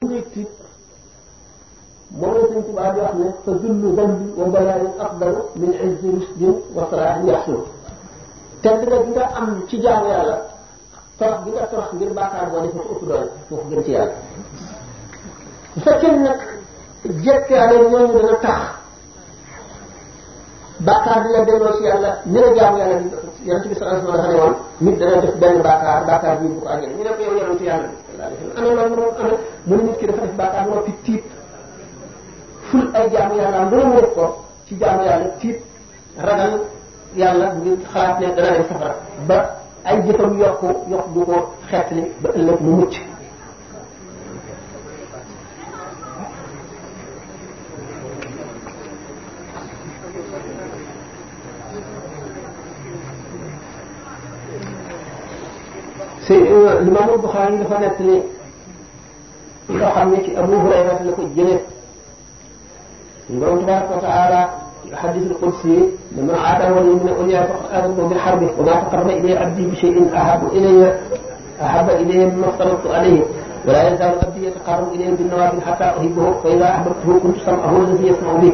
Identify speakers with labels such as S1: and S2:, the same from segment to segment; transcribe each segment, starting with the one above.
S1: ñéeg moom la Sëriñ Tuubaa di wax ne fa zullu zambi wa balaayi afdalu min izzi rushdin wa saraahi yahsul tedd nga bi nga am ci jaamu yàlla torox bi nga torox ngir bàkkaar boo def ko ëpp doole moo ko gën ci yàlla bu fekkee nag jekk yàlla ñooñu dana tax bàkkaar dina delloo ci yàlla ni la jaamu yàlla bi yonent bi sallallahu alayhi wa sallam dafa ne woon nit dana def benn bàkkaar bàkkaar bi bu ko àggale ñu ne ko yow yonent yàlla bi alayhi wa sallam ana loolu mu ne dafa def tiit ful ay jaamu yàlla mu ne ko ci jaamu yàlla tiit ragal yàlla ngir xalaat ne dana dem safara ba ay jëfam yokku yokk du ko ba ëllëg mu mucc Imaamul Buxaari dafa nettali loo xam ne ci Abu Hurayra la ko jëlee Borom tabaraka wa taala xadisul qudsi dama aatawoon ni mu ne ulyaa faqadtu bi xarbi wa maa taqarraba ilayya abdi bi shay'in ahabba ilayya ahabba ilayya mimma aftaradtu alayhi wa laa yazaalu abdi yataqarrabu ilayya bin nawaafil hattaa uhibbahu fa idaa ahbabtuhu kuntu sam'ahu allazii yasma'u bihi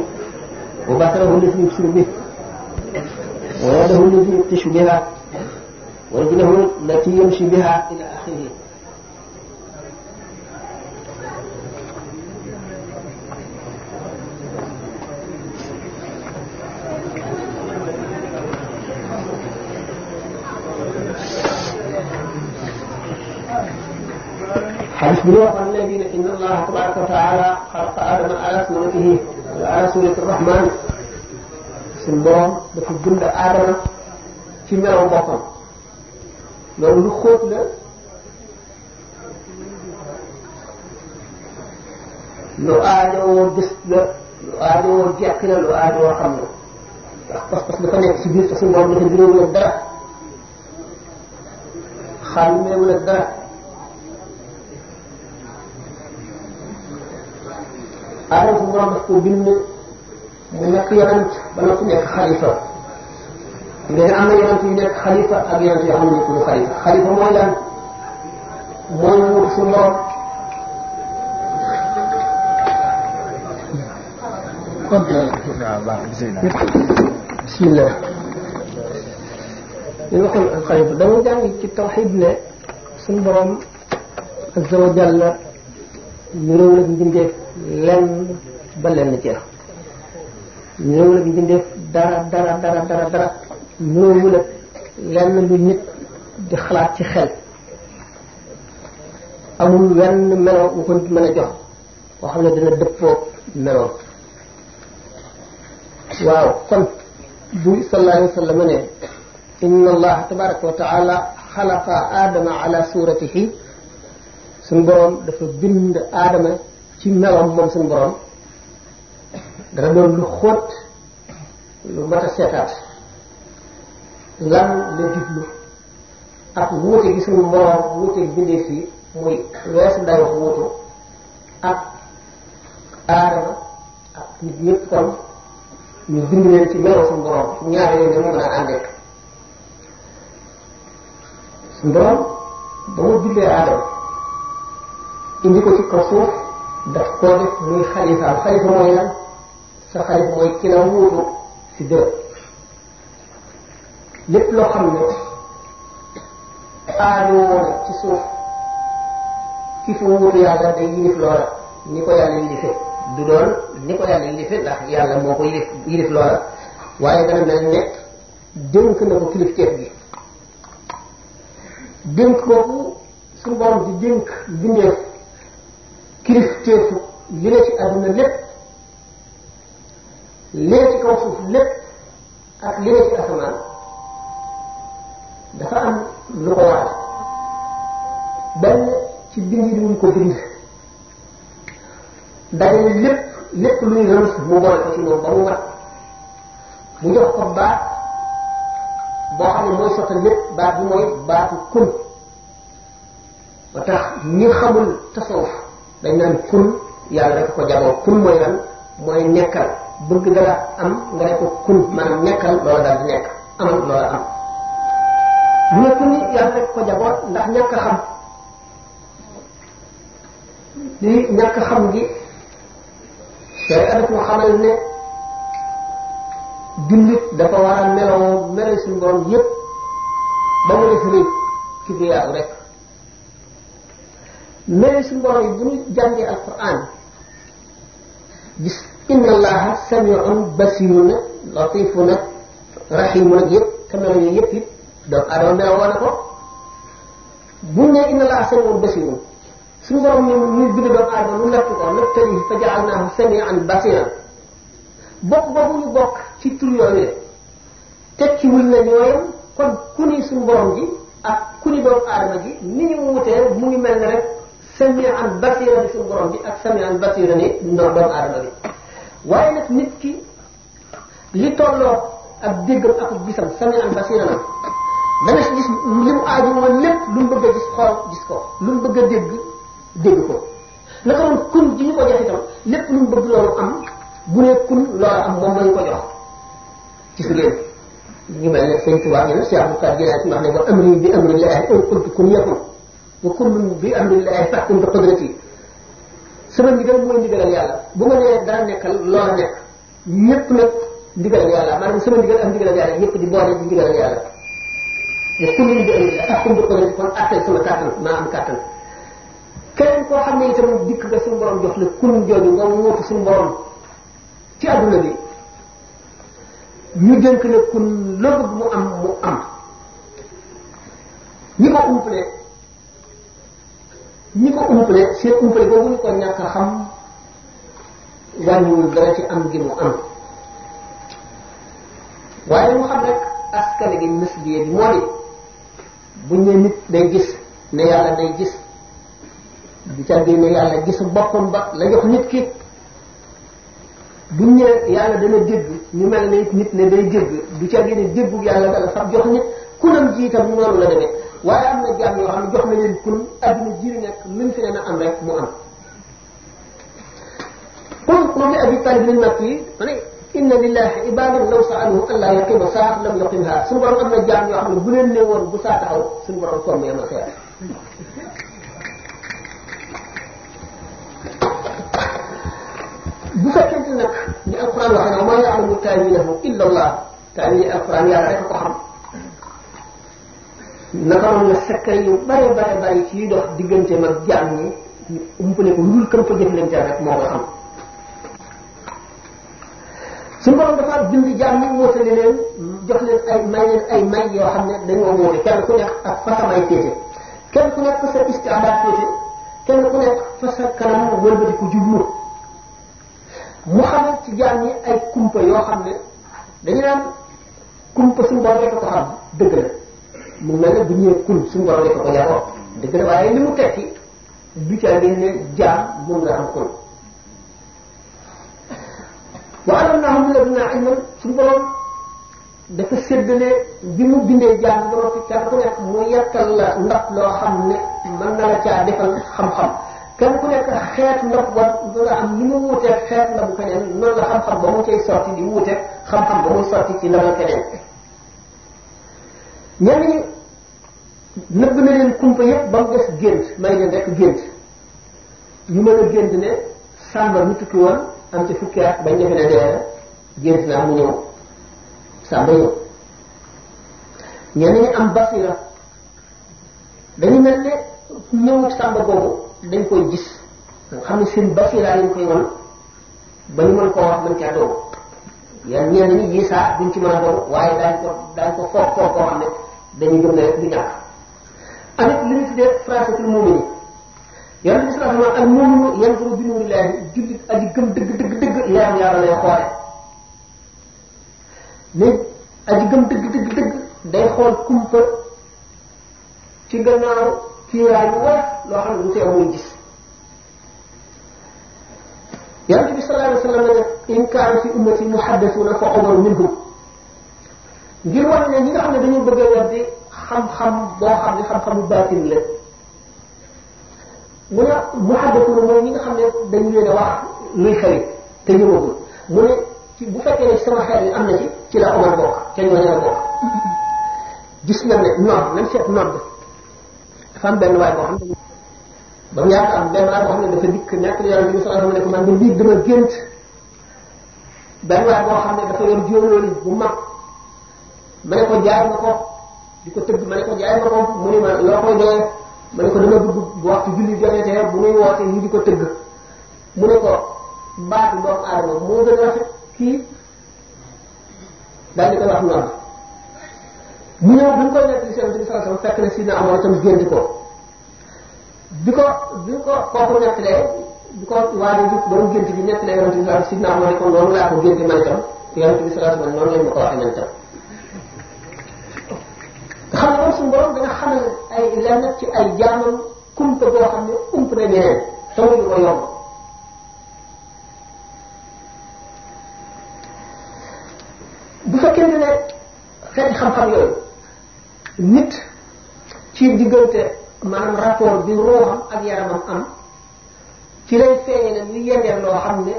S1: wa basarahu allazii yubsiru bihi wa yadahu allazii yabtashu bihaa ورجله التي يمشي بها إلى آخره حديث بن عن النبي إن الله تبارك وتعالى خلق آدم على سورته وعلى سورة الرحمن سن borom dafa bind aadama ci melaw boppam loolu lu xóot la lu aajowoo gis la lu aajowoo jekk la lu aajowoo xam la ndax pas-pas dafa nekk ci biir te suñu borom dafa juróom la dara xàmmeewu la dara aadama suñu borom daf ko bind mu nekk yonent ba noppi nekk xalifa mais am na yonent yu nekk xalifa ak yonent yoo xam ne nekkul xalifa xalifa mooy lan mooy wuut su morom bismillah li nga xam xalifa dama jàng ci tawxid ne suñu borom azza wa jalla ñu réew nag mbindeef lenn ba lenn ceex ñu réew nag mbindeef dara dara dara dara dara loolu nag lenn lu nit di xalaat ci xel amul wenn melo bu ko nit mën a jox boo xam ne dina dëppoo meloom kon bu sallallahu alayhi ne inna allah tabaraka wa taala xalaqa aadama ala suratihi suñu boroom dafa bind aadama ci meloom moom suñu boroom dana doon lu lu mat a lan la jublu ak wuute gi suñu moroom wuute bindeef muy weesu nday wax wuutu ak aadama ak nit ñëpp kon ñu bind meloo suñu boroom ñaari leen dañu mën a àndee suñu boroom ba mu bindee aadama indi ko ci kaw suuf daf koo def muy xalifa xalifa mooy lan sa xalifa mooy ki la wuutu ci dërëm lépp loo xam ne aajowoo na ci suuf ki fi wuutu yàlla day yilif loola ni ko yàlla yilife du doon ni ko yàlla yilife ndax yàlla moo ko yilif yilif loola waaye dana mel ne dénk na ko kilifteef gi dénk kooku suñu borom di dénk mbindeef kilifteefu li la ci àdduna lépp li la ci kaw suuf lépp ak li la ci asamaan dafa am lu ko waral benn ci bind yi wuñ ko bind dajale lépp lépp luy rëns mu boole ko ci mu jox ko baat boo xam mooy sottal lépp baat bi mooy baatu kun dañ naan yàlla rek ko jagoo kun mooy lan mooy nekkal bëgg dara am nga ne ko kun maanaam nekkal loola daal di nekk amal loola am nekk ni yàlla rek ko jaboot xam li ñàkk xam gi day adatu xamal ne jullit dafa war a meloo mel suñu ba mu def rëy kibriyaaw rek mel suñu borom yi bu ñu jàngee alquran gis inna allaha samiun basirun latifun doom adama neewoon na ko buñ ne inna laa samiun basirun suñu borom ñu ñu bind doomu aadama mu ko nattali fa ja'alnaahu samian basiran bokk boobu kon ku ni suñu ak ku ni doomu aadama ji ni ñu mu ngi mel ne rek samian basira bi suñu ak samian basira ni ndox doomu aadama bi waaye nag nit ki li tolloo ak déggam ak gisam samian basira la dana ci gis li mu aaju woon lépp lu mu bëgg a gis xool gis ko lu mu bëgg a dégg dégg ko kun ji ñu ko jox itam lépp lu mu bëgg am bu kun loolu am moom la ñu ko jox ci su leen ñu mel ne sëñ Tuubaa ñu ne Cheikh Moussa Diagne bi amrillahi in kuntu kun yakun wa kullun bi amrillahi fa kun bi qudrati sama ndigal mooy ndigalal bu ma nee dara nekkal loola nekk ñépp nag ndigalal yàlla maanaam sama ndigal am ndigalal yàlla ñépp di boole di ndigalal ya kulli bi amri la taxkum bi xodri kon atteel sama maa am kàttan keneen koo xam ne itam dikk nga suñu jox la kun jooju nga wuutu suñu borom ci adduna bi ñu dénk la kun loo bëgg mu am mu am ñi ko umpale ñi ko umpale seen umpale boobu ko ñàkk a xam wàññiwul dara ci am gi mu am waaye mu xam rek askan gi nisbiya bi moo buñ ne nit day gis ne yàlla day gis du càggee ne yàlla gisu boppam ba la jox nit ki buñ ne yàlla dana dégg ñu mel ne nit ne day dégg du càggee ne déggu yàlla dala jox nit kunam ji itam noonu la demee waaye am na jàmm yoo xam ne jox na leen kun adduna ji nekk luñ fi ne am rek mu am kon moom ne Abi Talib liñ nag yi inna lillahi ibadan law sa'aluhu an la yaqima saa lam yaqimha suñu borom am na jaam yoo xam ne bu leen ne woon bu saa taxaw suñu borom tomm yamal xeer bu fekkente nag ni alquran wax na maa ya'lamu ta'wilahu illa allah ta'wil alquran yàlla rek ko xam naka noonu la secret yu bare bare bare ci dox diggante mag jaam ñi umpale ko lu dul kam ko jëflante rek moo ko xam suñu borom dafa bind jaam ñi wóotale leen jox leen ay may leen ay may yoo xam ne dañoo wóote kenn ku nekk ak fa sa may féete kenn ku nekk fa sa istiadat féete kenn ku nekk fa sa kanam wëlbati ko jublu mu xamal ci jaam ñi ay kumpa yoo xam ne dañu naan kumpa suñu borom rek ko xam dëgg la mu mel ne bu ñëwee kun suñu borom rek ko yaroo dëgg la waaye li mu tekki du ca ngeen ne jaam moom nga am kun wa alamnahum ladunaa ilman suñu borom dafa séddale bi mu i jaam ba noppi kenn ku nekk mu yàkkal la ndab loo xam ne mën na la caa defal xam-xam kenn ku nekk xeet ndab ba nga am ni mu wuteeg xeet ndabu keneen noonu la xam-xam ba mu cay sotti di wuteeg mu des gént a gént ne sàmba mu tukki woon am ci fukki at bañ defe ne dee gént naa mu ñëw sàmba ñëw ñenn ñi am basira dañu mel ne sàmba boobu dañ koy gis nga xam ne seen basira lañ koy wan ba ñu mën koo wax mën caa doon yan ñenn ñi yisaa duñ ci mën a doon waaye daañ ko daañ ko foog foog koo xam ne dañu gëm ne du ñàkk amit li ñu tuddee français ci muumi yonent bi sallallahu alayhi wa sallam al mu'minu yanzuru bi nuurillahi jullit aji gëm dëgg dëgg dëgg leeram yàlla lay xoole nit aji gëm dëgg dëgg dëgg day xool kumpa ci gannaaw kiiraay bu war loo xam ne du teew muy gis yonent bi sallallahu alayhi wa sallam ne in kaana fi ummati muhaddasuuna fa Umar minhum ngir wax ne ñi nga xam ne dañu bëgg a weddi xam-xam boo xam ne xam-xamu baatin la mu ne muhaddisuna mooy ñi nga xam ne dañu leen a wax luy xewi te ñëwagul mu ne ci bu fekkee ne sama xeet am na ci ci la Omar bokk te ñooñu la bokk gis nañ ne nodd nañ seet nodd dafa am benn waay boo xam ne mu yàgg am benn waay boo ne dafa dikk nekk yàlla bi sallallahu alayhi wa sallam man de lii dama gént benn waay ne dafa yor jóolóoli bu ma ne ko jaay nga ko di ko ma ne ko jaay nga ko mu ne ma loo ma ne ko dama bëgg bu waxtu julli jotee bu muy wootee ñu di ko tëgg mu ne ko baatu doomu aadama moo gën a rafet kii daal di koy wax noonu mu ñëw bi ko bi laa ko gént man itam yonent ma ko waxee man itam nga xam ne suñu borom dina xamal ay lenn ci ay jaamam kumpa boo xam ne ump na ñeneen te mu ne xeeti xam-xam yooyu nit ci diggante maanaam rapport bi ruuxam ak yaramam am ci lay feeñe ne lu yeneen loo xam ne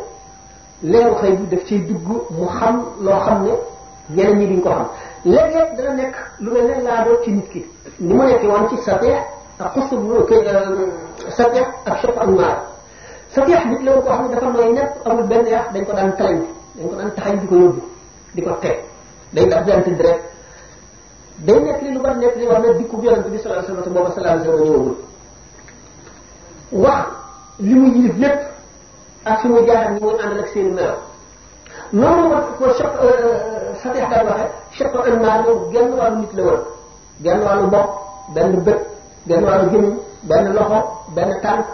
S1: leeru xëy bi daf ciy dugg mu xam loo xam ne yeneen ñi duñ ko xam léeg-léeg dana nekk lu mel ne laadoo ci nit ki ni mu nekk woon ci sateex ak xusub euh, sateex ak sopp ak maar sateex nit la woon koo xam ne dafa nooy nepp amul benn yàq dañ ko daan taxañ dañ ko daan taxañ di ko yóbbu di ko teg dañ la abdante direct day nekk li lu bari nekk li wax ne dikku yonent bi sallallahu alayhi wasallam booba sallallahu alayhi wasallam ñëwagul wax li mu yilif lépp ak suñu jaaram ñi muy àndal ak seen melo noonu ko sopp sateex daan waxe château animal moom genn wàllu nit la woon genn wàllu bopp benn bët genn wàllu gémmiñ benn loxo benn tànk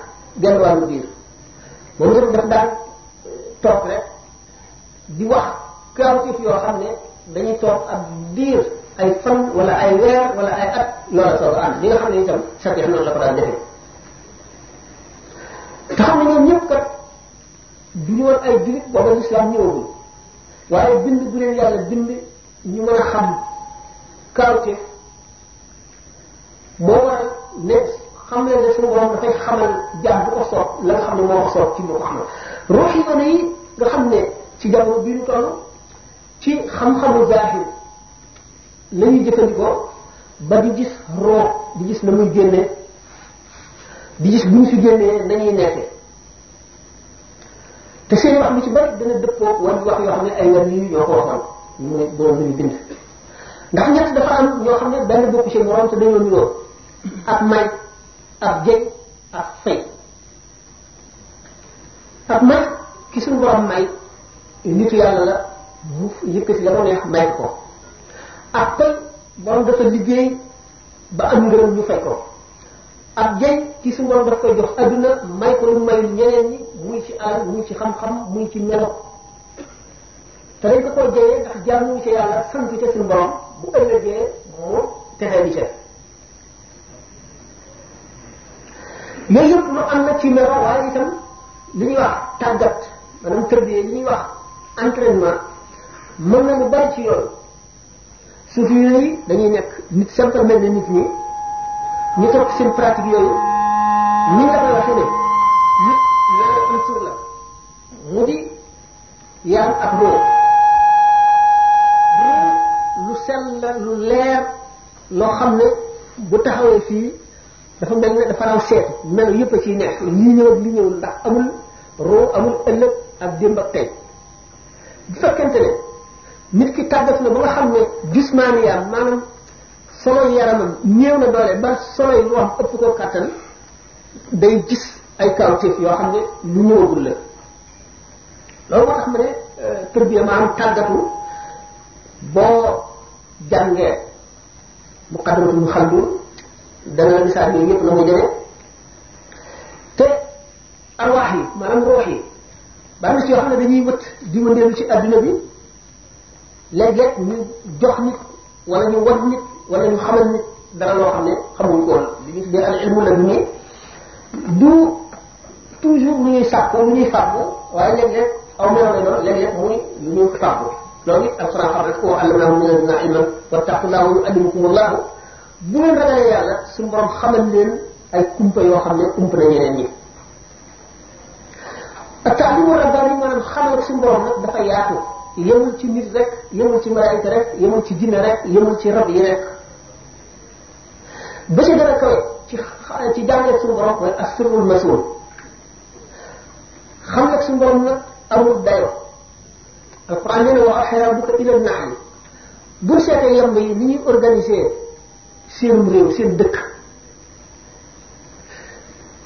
S1: genn wàllu biir moom itam daf daan euh, toog rek di wax kawtif yoo xam ne dañuy toog ab diir ay fan wala ay weer wala ay at loola soog a am li xam ne itam Shafi'i noonu la xam ne ñoom ñëpp kat du ñu woon ay jullit booba lislaam ñëwagul waaye bind bu leen yàlla bind ñu mën a xam kawte moo a ne xam leen ne suñu borom dafay xamal jaam bu ko soob la nga xam ne moo ko ci lu ko xamal ruux yi nga xam ne ci jamono bi ñu toll ci xam-xamu zahir la jëfandikoo ba di gis ruux di gis na muy génnee di gis bu ñu fi génnee nañuy nekkee te seen wax lu ci bari dana dëppoo wala yoo xam ne ay wàll yi ñoo ko waxal ñu ne bi bind ndax ñett dafa am ñoo xam ne benn bokku ci morom te dañoo niroo ab may ab jég ab fay ab may ki suñu borom may nitu yàlla mu yëkkati la ko neex may ko ab fay borom dafa liggéey ba am ngërëm ñu fay ko ab jég ki suñu borom dafa koy jox adduna may ko lu may ñeneen ñi muy ci alal muy ci xam-xam muy ci melo te dañ ko koo jëlee ndax jaamuñu ca yàlla sant ca suñu borom bu ëllëgee mu texee bi ca yooyu yëpp lu am na ci melo waaye itam li ñuy wax tàggat maanaam tërbie li ñuy wax entraînement mën na lu bari ci yooyu dañuy nekk nit simple mel na nit ñi ñu topp seen pratique yooyu ni nga koy waxee ne nit ñaari unsur la mu di yaram ak roo sell leer loo xam ne bu taxawee fii dafa mel ne dafa raw seetu mel yëpp a ciy nekk lii li ñëwul ndax amul roo amul ëllëg ak démb ak tey bu fekkente ne nit ki tàggat na ba nga xam ne jismaaniyaam maanaam solo yaramam néew na doole ba solo yi wax ëpp ko kàttan day gis ay kawtéef yoo xam ne lu ñëwagul
S2: la loolu
S1: moo tax ma ne euh, tërbiya maanaam tàggatu boo jàngee mu xaddamatul xam bi dana la misaal yooyu yëpp la te arwaax yi maanaam roox yi bari na ci yoo xam ne dañuy wët di wëndeelu ci adduna bi léeg-léeg ñu jox wala ñu wan nit wala ñu xamal nit dara loo xam ne xamuñ ko woon li ñu tuddee al ilmu la bi du toujours lu ñuy sàkku lu muy lu ñuy fàggu loolu it alxuraan xam rek wa allamnaahu min an-naa'ima wattaqullaaha yu'allimukumullaah bu ngeen ragalee yàlla suñu borom xamal leen ay kumpa yoo xam ne kumpa na ñeneen ñi. at-ta'liimu rabbaani maanaam xamal suñu borom nag dafa yaatu yemul ci nit rek yemul ci malaayika rek yemul ci jinne rek yemul ci rab yi rek ba ci gën a kawe ci ci jàngale suñu borom mooy as-sirrul masuul xam nag suñu borom nag amul dayo alquran nee na wax xeeraa bu ko ilal naam buñ seetee yamb yi ni ñuy organiser seenum réew seen dëkk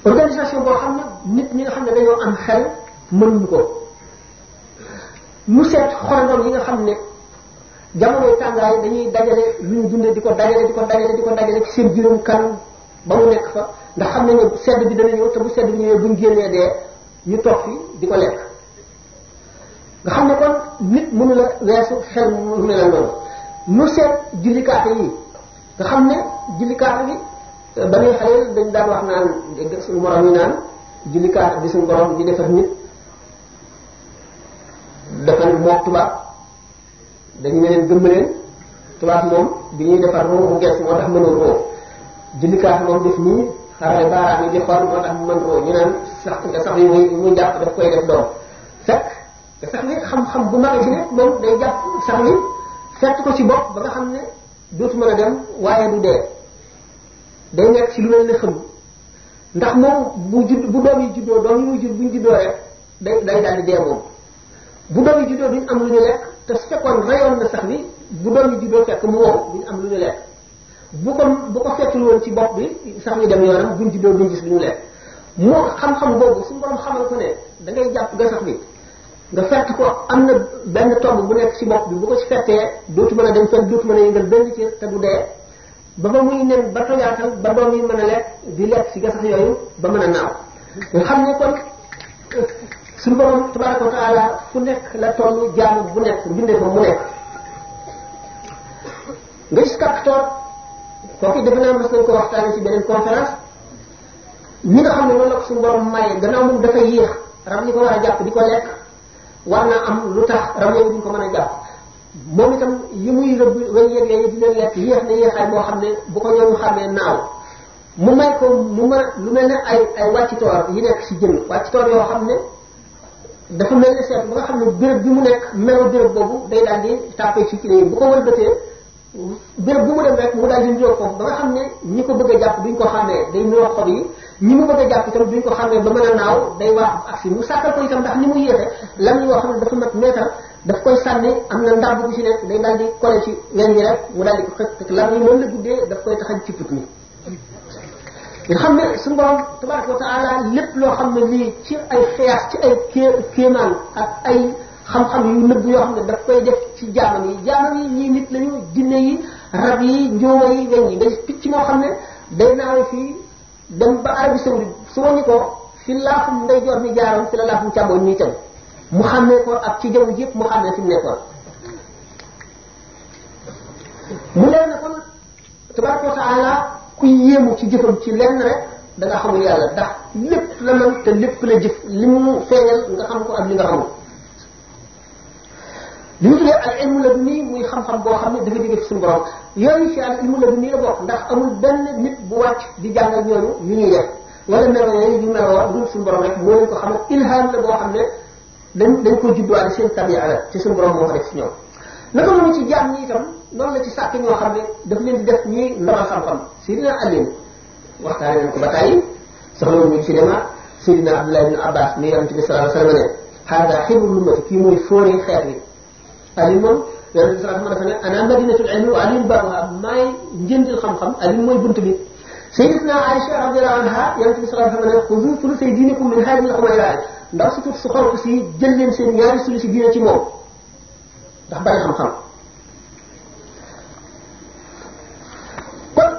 S1: organisation boo xam ne nit ñi nga xam ne dañoo am xel mënuñu ko mu seet xorandom yi nga xam ne jamono tàngaay dañuy dajale lu ñu dundee di ko dajale di ko dajale di ko dajale ci seen juróom kan ba mu nekk fa ndax xam nañ ne sedd bi dana ñëw te bu sedd bi ñëwee buñ génnee dee ñu toog fi di ko lekk nga xam ne kon nit mënu la weesu xel mu mel noonu nu seet jullikaate yi nga xam ne jullikaate bi ba nuy xale dañ daan wax naan dégg suñu tubaab dañu ne gëmm leen tubaab moom bi ñuy defar moom mu moo tax mënul roo jullikaate moom def nii xarale baaraam yi di xool moo tax mu mën roo ñu naan sax mu jàpp daf koy def doom te sax ni xam-xam bu mare bi ne moom day jàpp sax ni fett ko ci bopp ba nga xam ne dootu mën a dem waaye du dee day nekk ci lu mel ne xëm ndax moom bu judd bu doom yi juddoo doom yi muy bu ñu juddoo rek bu doom yi duñ am lu ñu lekk te su fekkoon rayoon na sax ni bu doom yi juddoo fekk mu wow duñ am lu ñu lekk bu ko bu ko fettul ci bopp bi sax ni dem yoonam buñ juddoo duñ gis lu ñu lekk moo xam-xam boobu su borom xamal ko ne da ngay jàpp ga sax bi nga fett ko am na benn tomb bu nekk ci bopp bi bu ko ci fettee dootu mën a dem fenn dootu mën a yëngal benn ci te du dee ba ba muy nen ba toyaatal ba doom yi mën a lekk di lekk ci gasax yooyu ba mën a naaw nga xam ne kon suñu borom tabaraka wa taala fu nekk bu nekk bindee ko mu nekk nga gis naa mas nañ ko waxtaane ci beneen conférence ñi nga xam ne loolu la ko suñu borom maye gannaaw moom dafa yéex rab ñi ko war a jàpp di ko lekk war na am lu tax ramoowu duñ ko mën a jàpp moom itam yi muy rëbb way yëg yooyu di leen lekk yéex na yéexaay boo xam ne bu ko ñooñu xamee naaw mu may ko mu mën lu mel ne ay ay wàcc toor yi nekk si jën wàcc toor yoo xam ne dafa mel ne seet ba nga xam ne béréb bi mu nekk melo béréb boobu day daal di tàppee ci clé yi bu ko wëlbatee bu mu dem rek mu daal di niroo foofu ba nga xam ne ñi ko bëgg a jàpp duñ ko xamee day niroo xob yi ni mu bëgg a jàpp itam duñ ko xamee ba mën a naaw day waax ak si mu sàkkal ko itam ndax ni mu yéexe lam yoo xam ne dafa mat meetar daf koy sànni am na ndab bu ci nekk day daal di kole ci wen ñi rek mu daal di ko xëcc lam yi moom la guddee daf koy taxañ ci put mi ne ay ké kéemaan ak ay xam-xam yu nëbb yoo xam ne daf koy def ci jaamam yi jaamam yi ñii nit lañu jinne yi rab yi njóowa yi weñ yi day picc moo xam ne day naaw fii dem ba Arabie saoudite su wañu ko fi laafum ndeyjoor mi jaaroon fi la laafum càmmoñ ñuy teg mu xàmmee ko ak ci jaww ji mu xam ne fi mu nekkoon mu leer na kon tabaraka wa taala ku yéemu ci jëfam ci lenn rek da nga xamul yàlla ndax lépp la mën te lépp la jëf li mu feeñal nga xam ko ak li nga xamul li ñu tuddee al ilmu laduni muy xam-xam boo xam ne dafa jóge ci suñu borom yooyu ci al ilmu laduni la bokk ndax amul benn nit bu wàcc di jàngal ñooñu ñu ñuy def wala melo yooyu ñu meloo dul suñu borom rek moo leen ko xamal ilham la boo xam ne dañ dañ ko judduwaale seen tabia la ci suñu borom moo ko def si ñoom. naka noonu ci jaam ñi itam noonu la ci sàkk ñoo xam ne daf leen di def ñuy ndamal xam-xam Sidina Ali waxtaanee nañ ko ba tàyyi soxla wuñu ci demaat Sidina Abdullah ibn Abbas mi yonent bi sallallahu alayhi wa sallam ne xaaral xibrul ummati kii mooy fóoree xeet wi alim moom yonent sallallahu alayhi wasallam dafa ne ana madinatul ilmi wa alim baabuha maay njëndil xam-xam alim mooy bunt bi sayyidatuna Aisha radiyallahu anha yonent bi sallallahu alayhi wasallam ne xuzu sulusay diinikum min haadihi al-humayraa ndax su tuut su xonq si jël leen seen ñaari sulusi diine ci moom ndax bari xam-xam kon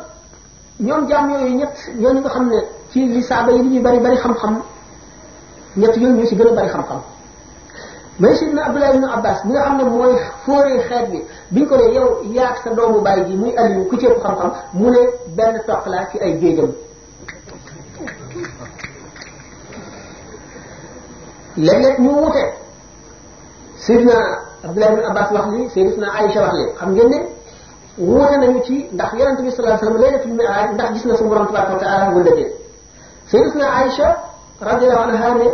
S1: ñoom jaam yooyu ñett ñooñu nga xam ne ci li saaba yi li ñuy bari bari xam-xam ñett yooyu ñoo ci gën a bari xam-xam mais Seydina Abdullah ibn Abbas mi nga xam ne mooy fóoree xeet bi biñ ko ne yow yaag sa doomu baay ji muy Aliou ku ceeb xam-xam mu ne benn toq laa ci ay géejam léeg-léeg ñu wute Seydina Abdullah ibn Abbas wax li Seydina Aïcha wax li xam ngeen ne wute nañu ci ndax yonente bi sallallahu alayhi wasallam laylatul mi'raj ndax gis na suñu borom tabaraka wa taala wala déet Seydina Aïcha radiyallahu anha ne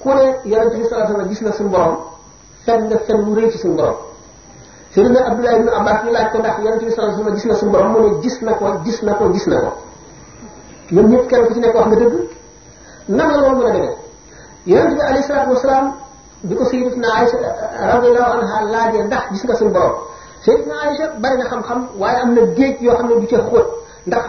S1: ku ne yonent bi sallallahu alayhi wasallam gis na suñu borom fen nga fen mu rëy ci suñu borom Seydina Abdullah ibn Abbas ñu laaj ko ndax yonent bi sallallahu alayhi wasallam gis na suñu borom mu ne gis na ko gis na ko gis na ko ñoom ñëpp kenn ku ci nekk wax nga dëgg nan la loolu mën a demee yonent bi alayhi salaatu wasalaam bi ko Sayyidatuna Aïcha radiyallahu anha laajee ndax gis nga suñu borom Sayyidatuna Aïcha bari na xam-xam waaye am na géej yoo xam ne du ca xóot ndax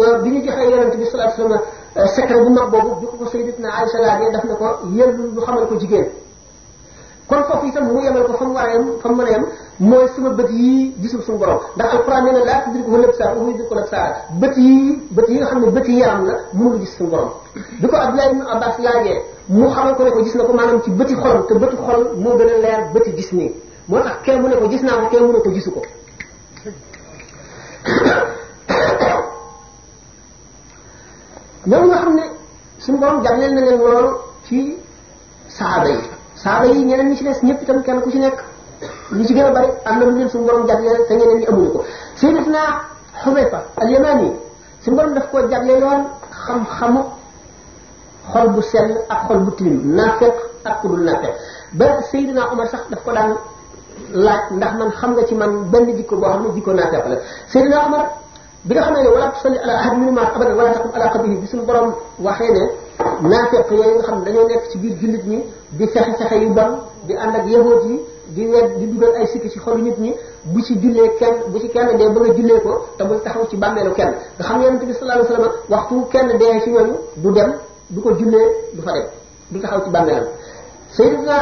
S1: euh, bi ñu joxee yonent bi sallallahu alayhi wasallam Euh, secret bu mag boobu bu ko Sayyidatuna Aïcha laajee daf ne ko yéen ñu xamal ko jigéen kon foofu itam mu yemal ko fa mu war a fa mu mën a yem bët yii gisul suñu borom ndax alquran nee na laa tudrikuhu l-absaar wa huwa yudrikul absaar bët yii bët yi nga xam ne bët yi yaram la bi ko Abdullah ibn mu xamal ko ne ko gis na ko maanaam ci bëti xol te bëti xol moo gën a leer bëti gis nii moo tax kee mu ne ko gis naa ko kee mu ne ko gisu ko ñoom nga xam ne suñu borom jagleel na leen loolu ci saaba yi saaba yi ñeneen ñi ci des ñëpp itam kenn ku ci nekk li ci gën bari am na lu leen suñu borom jagleel te ñeneen ñi amuñu ko sayyidatuna Hudayfa al-Yamani suñu borom daf koo xam-xamu bu sell ak xol bu tilim naafeq ak ku dul naafeq ba Seydina Omar ko daan laaj ndax man xam nga ci man benn jikko boo xam ne jikko naafeq la Seydina Omar bi nga xamee ne wala tusalli ala ahad minhum abadan bi suñu borom waxee ne naafeq yooyu nga xam ne dañoo nekk ci biir jullit ñi di fexe fexe yu bon di ànd ak yahoot yi di wet di dugal ay sikki ci xolu nit bu ci jullee kenn bu ci kenn dee ba nga jullee ko te bul taxaw ci bàmmeelu kenn nga xam yonente bi sallallahu alayhi wasallam waxtu kenn dee ci ñooñu du ko jullee du fa dem du taxaw ci bàmmeelam Sayyidina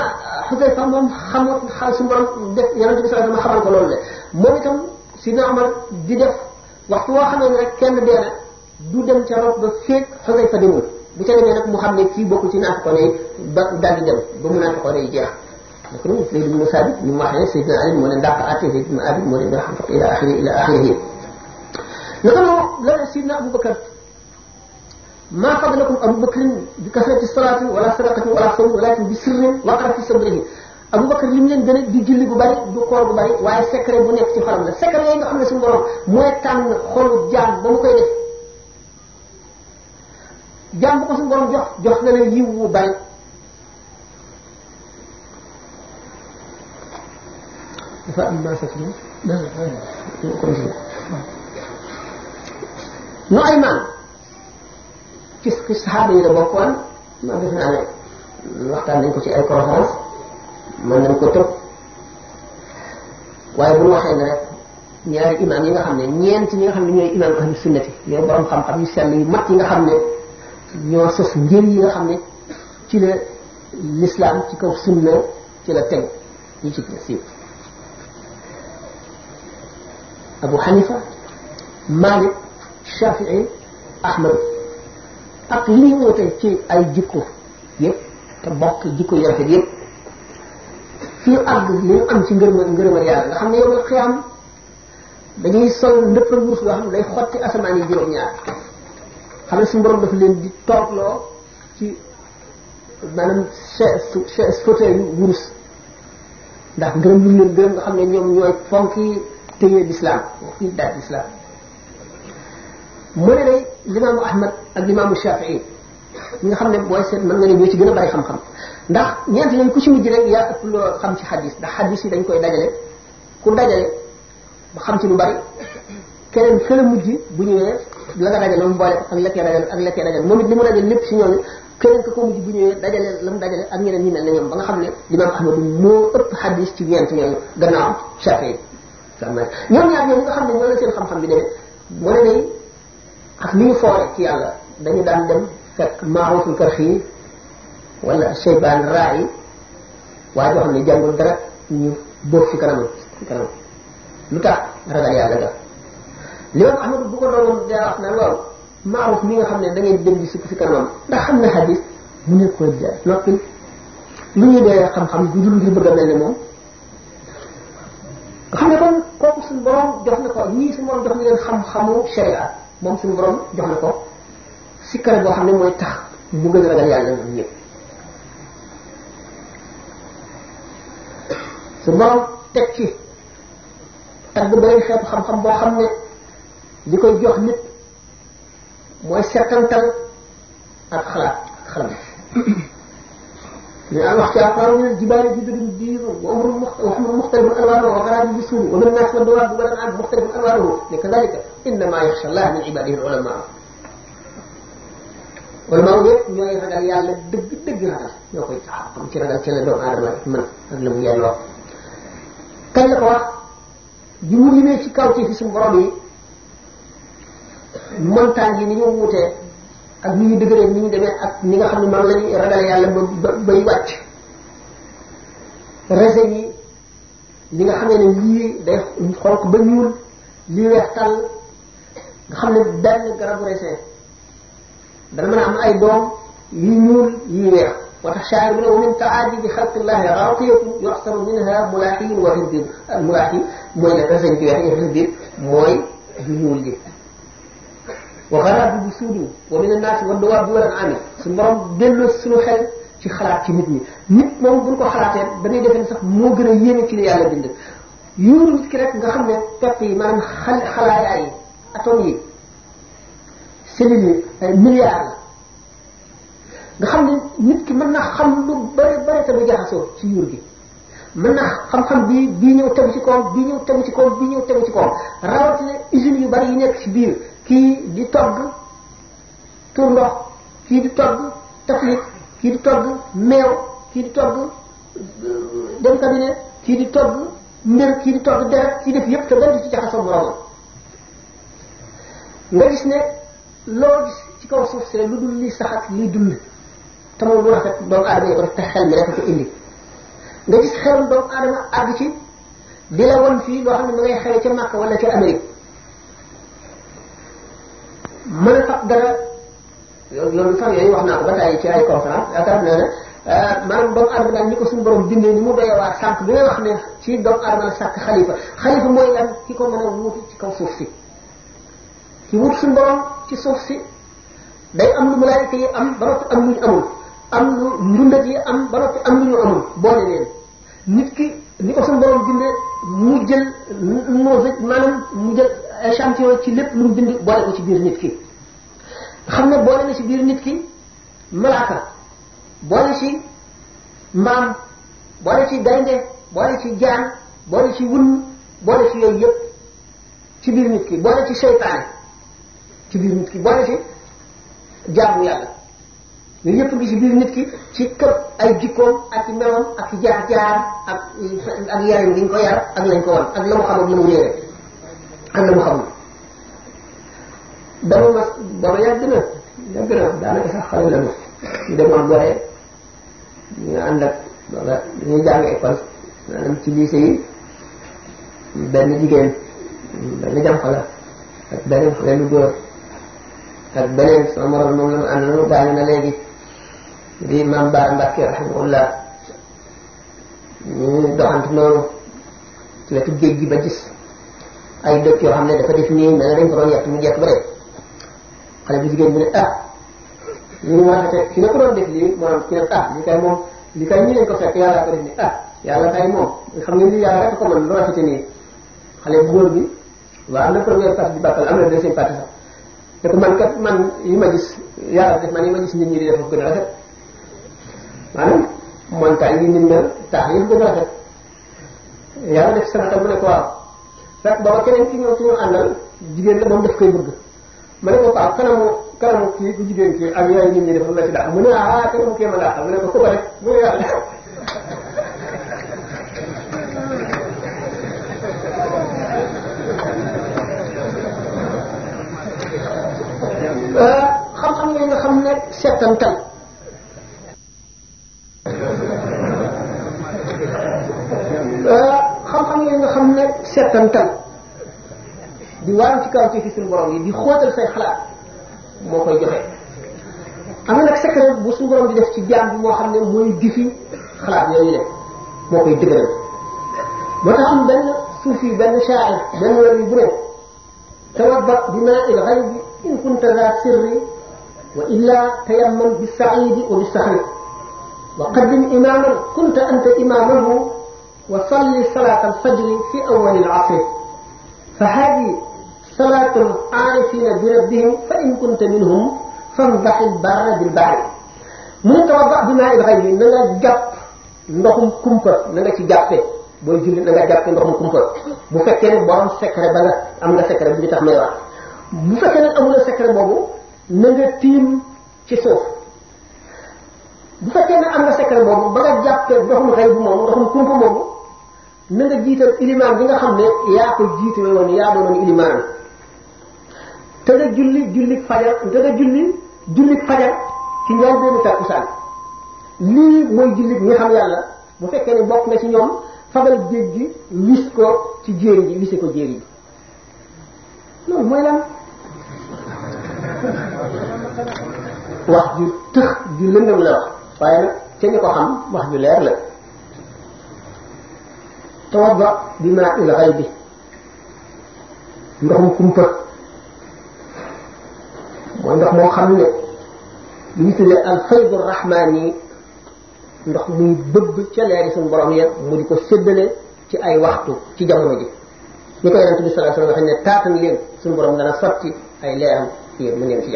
S1: Xudayfa moom xamoon xaal suñu borom def yonente bi sallallahu alayhi wasallam xamal ko loolu de moom itam Sayyidina Umar di def waxtu woo xamee ne rek kenn dee na du dem ca rob ba féeg xosay fa demul bu ca demee nag mu xam ne kii bokk ci naafiqoon yi ba daldi dem ba mu naafiqoon yi jeex donc ñun Seydou Moussa bi ni mu waxee ne Seydina Ali moo leen dàq àtte Seydina Ali moo leen xam faq ila axiri ila axirihi naka noonu la Seydina Aboubacar maa fadlakum Aboubacarin bi kasrati salaati wala sadaqati wala sawmi walakin bi sirrin waqara fi sabrihi Abubakar lim leen gën a di julli bu bari du koor bu bari waaye secret bu nekk ci xolam la secret yooyu nga xam ne suñu borom mooy tànn xolu jaam ba mu koy def jaam bu ko suñu borom jox jox na la yiw wu bari dafa am maa fekk nu ay maan ci ci saxaaba yi la bokkoon maa def naa ne waxtaan nañ ko ci ay conférence mën nañ ko trop waaye bu ñu waxee ne rek ñaari imaam yi nga xam ne ñeent ñi nga xam ne ñooy imaam ahlu sunnati ñooy borom xam-xam yu sell yu mat yi nga xam ne ñoo sos ngir yi nga xam ne ci la lislaam ci kaw sunna ci la teg ñi ci siiw Abu Hanifa Malik Shafii Ahmad ak li wute ci ay jikko yëpp te jikko yu rafet fii ard bi mu am ci ngërëm ngërëmal yàlla nga xam ne yow ma xiyaam dañuy sol ndëppal muus loo xam ne day xotti asamaan yi juróom-ñaar xam ne suñu borom dafa leen di toogloo ci maanaam chaise chaise fauteuil yu wurus ndax ngërëm lu leen gërëm nga xam ne ñoom ñooy fonki téye l'islam fii daal l'islam mu ne day limaamu Ahmad ak limaamu Shafii ñi nga xam ne booy seet mën nga ne ñoo ci gën a bari xam-xam ndax ñeent lañ ko ci mujj rek yaa ëpp loo xam ci xadis ndax xadis yi dañ koy dajale ku dajale ba xam ci lu bari keneen fële mujj bu ñëwee la nga dajale mu boole ko ak la koy dajale ak la koy dajale li mu dajale lépp ci ñooñu keneen ka la mu dajale ak ñeneen ñi mel ba nga xam ne limaam Ahmadu moo ëpp xadis ci ñeent ñooñu gannaaw Shafi yi. ñoom ñaar ñoom ñi nga xam ne ñoo la seen bi mu ne day ak li ñu foore ci yàlla dañu daan dem fekk maaxutul kër wala seytaan raay waaye boo xam ne jàngul dara ñu boof ci kanam ci kanam lu tax ragal yàlla ga limaam Ahmadu bu ko doon daa wax naan waaw maaruf mi nga xam ne da ngeen dem di sukk ci kanamam ndax xam ne xadis mu ne ko noppi lu ñu dee xam-xam bu dul ngir bëgg a mel ne moom nga xam ne kon kooku suñu borom jox na ko ñii suñu borom jox na leen xam-xamu sharia moom suñu borom jox na ko sikkare boo xam ne mooy tax mu gën a ragal yàlla ñoom ñëpp su borom teg ci tagg beneen xeetu xam-xam boo xam ne li koy jox nit mooy settantal
S3: ak xalaat ak xalam
S1: li al wax ci alquran min aljibaali judadun diirun wa umrun muxtalifun alwaanuhu wa garaabi bisuun wa min annaasi waddawaab wal an'aam muxtalifun alwaanuhu li kadalika innamaa yaxsha llaha min ibaadihi al-ulamaa ulamaa yëpp ñooy ragal yàlla dëgg dëgg ragal ñoo koy taxaw xam ci ragal ci la doomu aadama mën ak la mu yelloo kañ la ko wax bi mu limee ci kaw ci fi suñu yi montagne yi ni ñu wutee ak ni ñu dëgëree ni ñu demee ak ni nga xam ne man lañuy ragale yàlla ba bay wàcc raisin yi li nga xamee ne lii day xonq ba ñuul lii weex tàll nga xam ne benn garabu raisin dana mën a am ay doom yi ñuul yi weex moo tax shaahir bi ne wa min taajiji xalqillahi raatiyatun yuxsaru minha mulaaxiin wa xisbin mulaaxi mooy la reseñ ci weex xisbin mooy ju ñuul ji wa xaraab bi suudiw wa min annaasi wa dawaab bi wal an'aami su borom delloo suñu xel ci xalaat ci nit ñi nit moom buñ ko xalaatee dañuy defe ni sax moo gën a yéeme ci li yàlla bind yuuru nit ki rek nga xam ne pepp yi maanaam xal xalaayaay yi atom yi cellules yi ay milliards la nga xam ne nit ki mën na xam lu bëri bëri jaxasoo ci yuur gi mën na xam-xam bii bii ñëw tegu ci kawam bii ñëw tegu ci kawam bii ñëw tegu ci kawam rawatina usines yu bari yi biir kii di togg tur kii di togg taflit kii di togg meew kii di togg euh, dem kii di togg mbir kii di togg deret kii def yépp te benn ci jaxasoo moroomam nga gis ne loo gis ci kaw suuf si lu dul li sax ak liy te moom lu rafet doomu aadama yi ko def xel mi rek ko indi nga gis xelum doomu aadama àgg di la won fii loo xam ne ma ngay xewee ca Màkka wala ca Amérique a fab dara loolu fan yooyu wax naa ko ba tàyyi ci ay conférence yaakaar naa ne euh, maanaam doomu wax ne ci doomu aadama la sàkk xalifa xalifa mooy lan ki ko mën a wuutu ci kaw suuf si ki wut suñu borom ci suuf day am lu malaayika yi am ba noppi am luñ amul am lu ndundat yi am ba noppi am lu ñu amul boole leen nit ki ni ko suñu borom bindee mu jël moo fekk maanaam mu jël échantillon ci lépp lu mu bind boole ko ci biir nit ki xam ne boole na ci biir nit ki malaaka boole ci mbaam boole ci gaynde boole ci jaan boole ci wun boole ci yooyu yëpp ci biir nit ki boole ci seytaane ci biir nit ki boole ci jaamu yàlla yooyu yëpp ngi ci biir nit ki ci kër ay jikkoom ak meloom ak jaar jaar ak ak yaram gi ñu ko yar ak lañ ko wan ak la mu xam ak la mu réere ak la mu xamul dama mas booba yàgg na yàgg na daanaka sax xale la ñu demoon boole ñu ànd ak booba dañuy jàng école maanaam ci lycée yi benn jigéen benn jànq la ak beneen xale lu góor ak beneen sama morom moom la mu ànd na mu gaañu na léegi di maam Baara Mbacke rahimahullah ñu doxante noonu ci wetu géej gi ba gis ay dëkk yoo xam ne def nii mel na dañ ko doon yett mu jekk ba dee xale bu jigéen bi ne ah ñu waxate ki na ko doon def lii maanaam ki ne ah li kay moom li kay ñu leen ah, kay moom xam nga ni yàlla rek nii xale bu góor bi waaw am na première partie di bàkkal am na deuxième partie sax te ko man kat man yi ma man yi ma gis ñi di def ko gën a maanaam montagne yi nit na taax yëpp gën a rafet mu ne ko fekk booba keneen ki ñëw ki ñu jigéen la moom daf koy ma ne ko waaw kanamu kanamu kii jigéen kii ak yooyu nit la ci mu ne ah ko ko mu ne yàlla xam-xam nga nga xam ne xam ya nga xam ne settantal di waaru ci kaw ci fi suñu borom yi di xóotal say xalaat moo koy joxe am na nag secret bu suñu borom di def ci jaam bi moo xam ne mooy difi xalaat yooyu ne moo koy dëgëral moo tax am benn suufi benn shaa'ir benn wér bu ne tawadda bi maa'il ghaybi in kunta za sirri wa illa tayammam bis sa'idi wa bis sahri wa qaddim imaman kunta anta imamahu وصلي صلاة الفجر في أول العصر فهذه صلاة العارفين بربهم فإن كنت منهم فانضح البر بالبر من توضأ بماء الغيب نغا جاب ndoxum kumpa na nga ci jàppe booy julli na nga jàppe ndoxum kumpa bu fekkee ne borom secret ba nga am nga secret bi ñu tax may wax bu fekkee ne amula secret boobu na nga tiim ci suuf bu fekkee ne am nga secret boobu ba nga jàppe ndoxum xëy bu moom ndoxum kumpa moomu na nga jiital ilimaan bi nga xam ne yaa ko jiite woon yaa doonoon ilimaan te nga julli julli fajar te nga julli julli fajar ci ñoom benn takkusaan lii mooy jullit ñi xam yàlla bu fekkee ne bokk na ci ñoom fabal géej gi wis ko ci jéeri ji wise ko jéeri ji mooy lan wax ju tëx ju lëndëm la wax waaye nag ko xam wax ju leer la tawadda bi maa il xay bi ndoxum kumpa mooy ndox moo xam ne li ñu tuddee al faydu mu di ko séddale ci ay waxtu ci jamono ji ñu ko yonente bi sallallahu alayhi wasallam waxee ne taatan leen suñu borom dana sotti ay leeram yéen mu ngeen ci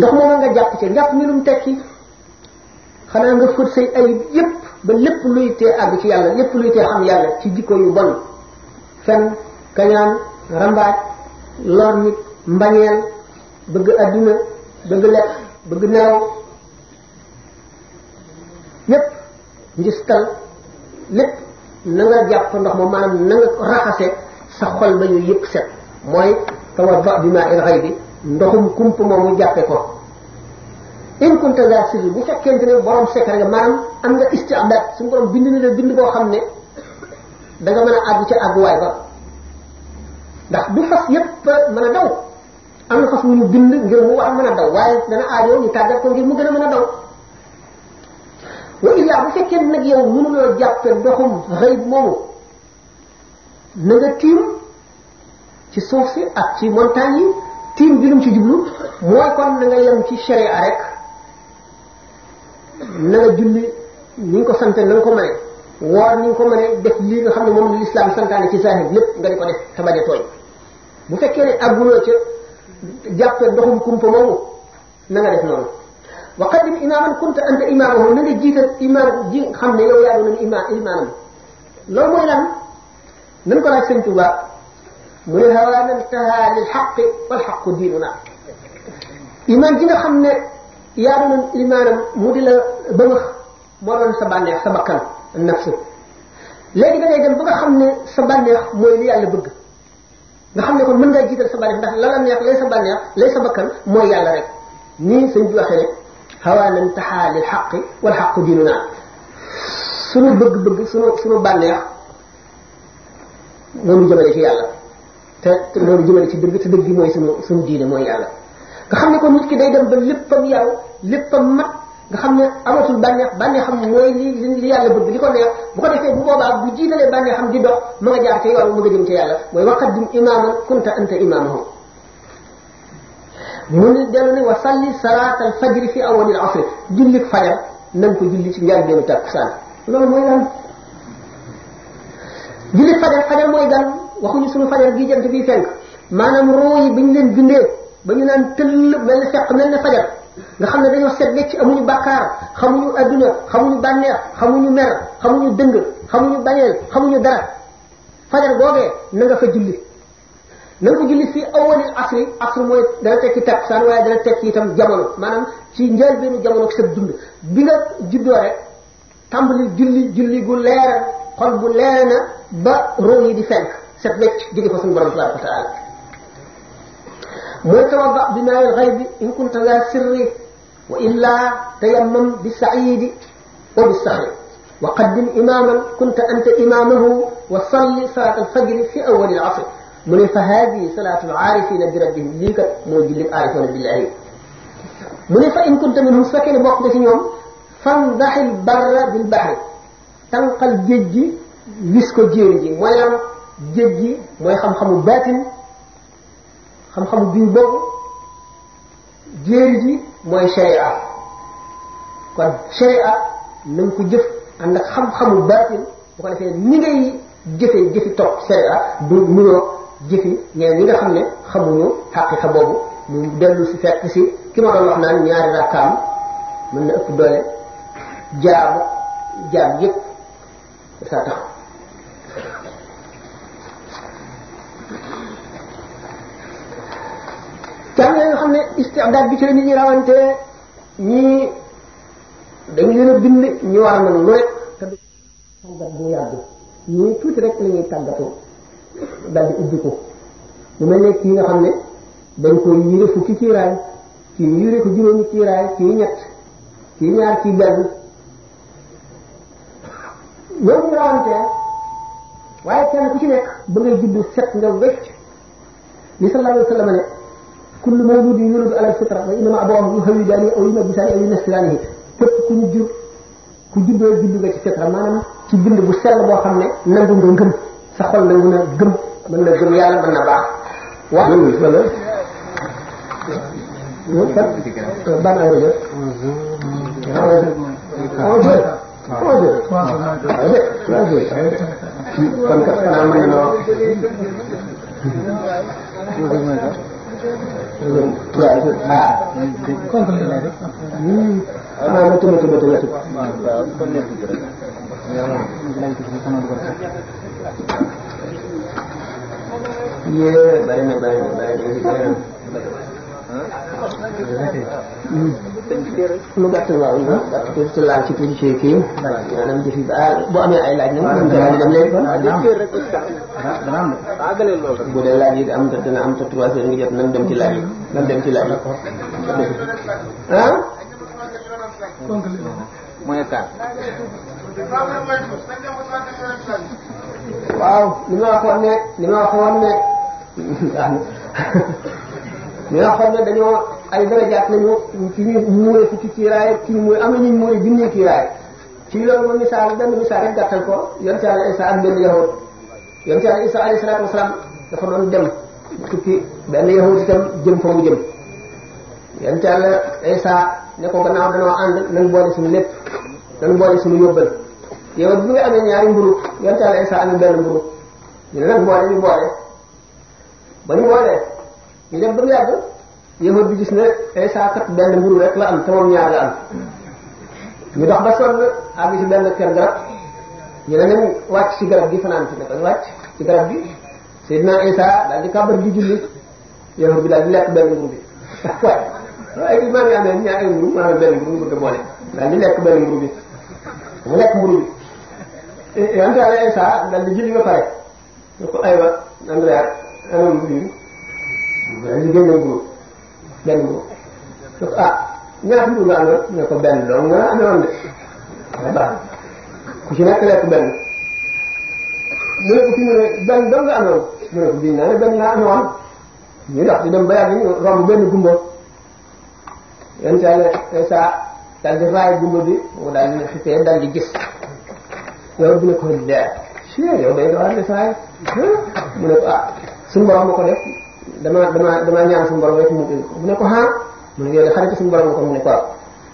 S1: jamono ci njàpp mi lu mu tekki xanaa nga fët say ayib yépp ba lépp luy tee àgg ci yàlla lépp luy tee xam yàlla ci jikko yu bon fen kañaan rambaaj lor nit mbañeel bëgg adduna bëgg lekk bëgg nelaw yépp njistal lépp na jàpp ndox moom maanaam na raxase sa xol ba ñu yëpp set mooy tawadda bi maa il xay bi ndoxum kump moomu jàppe ko in kunta za sirri bu fekkente ne borom secret nga maanaam am nga isti'dad suñu borom bind na la bind boo xam ne da nga mën a àgg ca àgguwaay ba ndax du fas yépp mën a daw am na fas wu ñu bind ngir mu war a mën a daw waaye dana aajoo ñu tàggat ko mu gën a mën a daw wa illaa bu fekkee nag yow mënuloo jàppe ndoxum xëyb moomu na nga tiim ci suuf si ak ci montagne yi tiim lu mu ci jublu mooy kon na nga yem ci sharia rek na nga julli ni nga ko sante na nga ko mënee woor ko mënee def lii nga xam ne moom lislaam santaane ci zahir lépp nga di ko a tooñ bu fekkee ne àgguloo ca jàppee ndoxum kumpa moomu na nga def noonu wa qaddim imaaman kunta anta imaamahu na nga jiital imaam ji xam ne yow yaa doon ko laaj sëñ Tuubaa mu ne hawaana intaha lil xaqi wal xaqu diinuna imaam ji nga xam ne yaa doon limaanam mu di la bëgg moo doon sa bànneex sa bakkan nafsu léegi da ngay dem ba nga xam ne sa bànneex mooy li yàlla bëgg nga xam ne kon mën ngaa jiital sa bànneex ndax la la neex lay sa bànneex lay sa bakkan mooy yàlla rek nii sëñ bi waxee ne xawaa nan taxaa lil xaqi wal xaqu diinu naa suñu bëgg-bëgg suñu suñu bànneex noonu jëmale ci yàlla te noonu jëmale ci dëgg te dëgg gi mooy suñu suñu diine mooy yàlla nga xam ne ko nit ki day dem ba léppam yaw léppam mat nga xam ne amatul bànneex bànneexam mooy li li yàlla bëgg li ko neex ko defee bu boobaa bu jiitalee bànneexam di dox ma nga jaar ca yoon ma nga jëm ca yàlla mooy waqaddim imaaman kunta anta mu ni dellu wa salli salaatal fajri fi awalil asri jullik fajar na nga ko julli ci njëlbéenu takkusaan loolu mooy lan jullik fajar fajar mooy gan waxuñu suñu fajar gi jant bi fenk maanaam roo yi bi ñu leen bindee ba ñu naan tëll mel ni seq mel ni fajar nga xam ne dañoo set wecc amuñu bàkkaar xamuñu adduna xamuñu bànneex xamuñu mer xamuñu dëng xamuñu bañeel xamuñu dara fajar googee na nga fa julli na nga ko julli fi awali asri asri mooy dana tekki takkusaan waaye dana tekki itam jamono maanaam ci njëlbeenu jamono ak sa dund bi nga juddoo rek tàmbali julli julli gu leer xol bu leer na ba roo yi di fenk set wecc jóge fa suñu borom tabaraka wa taala mooy tawadda bi maa'il ghaybi in kunta daa sirri wa illaa tayammam bi sa'iidi wa bi sahri wa qaddim imaaman kunta anta imaamahu wa salli salaat alfajri fi awwali al-asr mu ne fa haadihi salaatu al-aarifiina bi rabbihim lii kat moo jullit aarifoona billaahi mu ne fa in kunta minhum su fekkee ne bokk nga ci ñoom fandaxil barra bil bahri tànqal géej gi wis ko jéeri ji mooy lan géej gi mooy xam-xamu baatin xam-xamu diw boobu jéeri ji mooy sharia kon sharia na nga ko jëf ànd xam-xamu baatin bu ko defee ni ngay jëfee jëfi topp sharia du munoo jëfi ñeen ñi nga xam ne xamuñu xaqiqa boobu mu dellu si fekk si ki ma doon wax naan ñaari rakkaam mën na ëpp doole jaamu jaam yëpp saa tax am na nga xam ne istidaad bi ci ñi rawante ñii dañu leen a bind ñu war a mën lu rek bu yàgg ñii tuuti rek la ñuy tàggatoo ko lu mel ne kii nga xam ne dañ ko yére fukki kiiraay kii yére ko juróomi kiiraay kii ñett kii ñaar kii benn ñoom ñu rawante waaye kenn ku ci nekk ba ngay jublu set nga wecc li sallallahu alayhi wa ne kullu mawludin yuladu ala fitra wa inna abawaahu yuhawwidaanihi aw yumajjisaanihi aw yunassiraanihi képp ku ñu jur ku juddoo juddu nga ci fitra maanaam ci bind bu sell boo xam ne nangu nga ngëm sa xol nangu na gëm mën na gëm yàlla mën na baax. waaw loolu la.
S3: loolu sax
S1: ban heure jot.
S3: waaw ah. complété naa rek.
S2: xanaa ma tëbët tëbët wetu. waaw kon nekk ci rek. yee bari na bari na bari na
S3: lu
S1: gàtt waaw lu gàtt ko ci laal ci position kii maanaam jëfi ba bu amee ay laaj nag ñu daal di dem léegi
S2: bu dee laaj yi am te dana am te trois heures ngi ne li
S3: ma
S1: waxoon ne li ma waxoon ne dañoo ay darajaat lañu ci ñuy muuree ci kiiraay kii mooy am na ñu muuree junne kiiraay ci loolu mooy misaal benn misaal rek gàttal ko yonent Yàlla Isa ak benn yahud yonent Yàlla Isa alayhi salaatu wasalaam dafa doon dem tukki benn yahud itam jëm fa mu jëm yonent Yàlla Isa ne ko gannaaw danoo ànd nañ boole suñu lépp nañ boole suñu yóbbal yow bi nga amee ñaari mburu yonent Yàlla Isa amee benn mburu ñu ne nag boole ñu boole ba ñu boole ñu dem ba mu yàgg yëfër bi gis ne Isa kat benn mburu rek la am te moom ñaar la am ñu dox ba sonn àgg ci benn kër garab ñu ne nañ wàcc ci garab gi fanaan ci nag wàcc ci garab gi Seydina Isa daal di kàbbar di julli yëfër bi daal di lekk benn mburu bi waaye waaye li ma ngi amee ñaari mburu ma amee benn mburu bëgg a boole daal di lekk benn mburu bi mu lekk mburu bi yonte eh, eh, Yàlla Isa daal di julli ba pare ñu ko aywa Andrea anam mburu bi daal di génne mburu benn boobu su ko ah ñaata mbuur nga amoon ne ko benn dong nga amee woon de ku ci nekk lekk benn mu ne ko fi benn dong nga mu ne ko bii ne benn laa amoon ñu dox di dem ba yàgg ñu romb benn gumba yan saa ne saa daal di raay gumba bi mu daal di di gis yow bi ne ko leer si yow day doxal ne saa mu ne ko ah suñu borom ma ko def damaa damaa damaa ñaan suñu borom rek mu indi ko mu ne ko xaar mu ne yow de mu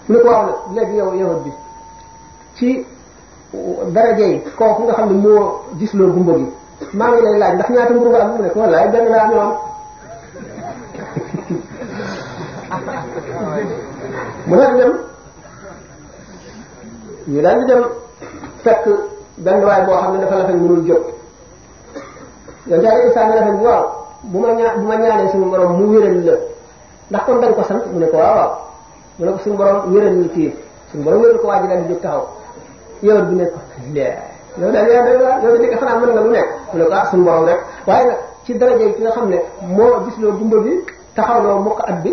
S1: ne ko waaw mu ne ko waaw nag léegi yow yahut bi ci darajey xam ne moo gis loo gumba maa ngi lay laaj ndax ñaata mburu nga mu ne ko la fañ mënul jóg yow la fañ waaw bu ma ñaan bu ma ñaanee suñu borom mu wéral la ndax kon dañ ko sant mu ne ko waaw waaw mu ne ko suñu borom wéral ñu kii suñu borom wéral ko waa ji daal di jóg taxaw yow du ne ko yow mu ne ko ah suñu borom ci daraja ki nga xam ne moo gis loo gumba taxaw loo mokk bi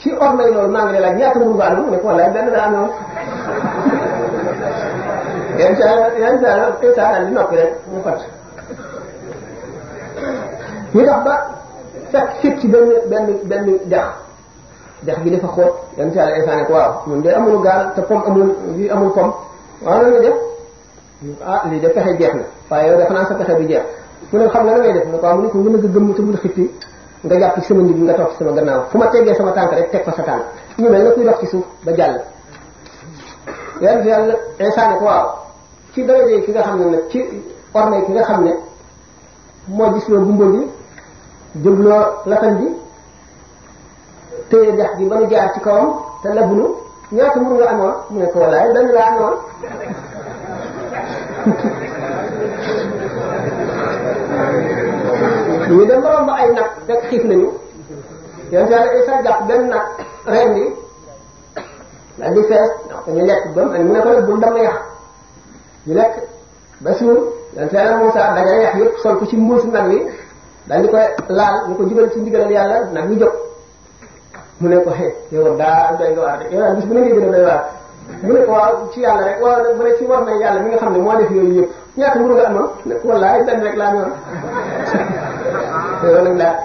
S1: ci ormay loolu maa ngi lay laaj ñaata mën nga am mu ne ko wallaay benn daa am yan saa yan saa yan di noppi rek mu fat ñu tax ba fekk fit ci benn benn benn dex dex gi dafa xóot yan ci àlla insaan ne ko waaw ñun de amul gaal te pom amul lii amul pom waaw lan nga def ah lii de pexe jeex na waaye yow dafa naan sa pexe bi jeex mu ne xam nga la ngay def ne ko mu ne ko mën a gëm te mën a xippi nga jàpp ci sama ndig nga toog ci sama gannaaw fu ma teggee sama tànk rek teg fa sa tànk ñu mel na kuy dox ci suuf ba jàll yan ci àlla insaan ne ko waaw ci daraje ki nga xam ne nag ci orne ki nga xam ne moo gis loo gumba gi jubloo lafan bi téye dex gi ba nu jaar ci kawam te labunu ñaata mburu nga amoon mu ne ko walaay benn laa amoon ñu dem ba romb ay nag rek xiif nañu yoon si yàlla Isa jàpp benn nag ren bi daal di fees ndax dañu lekk ba mu ne ko nag bul dama yax ñu lekk ba suur yoon si yàlla Musaa dajale yax yëpp sol ko ci mbuus nag dañu koy laal ñu ko jubal ci ndigalal yàlla nag ñu mu ne ko xëy yow nga daal bis bu ne ngay gën a doy waar mu ne ko waaw ci yàlla rek waaw na yàlla mi nga xam ne moo def yëpp ñaata mburu nga ne ko wallaay benn rek laa ñor yow nag daal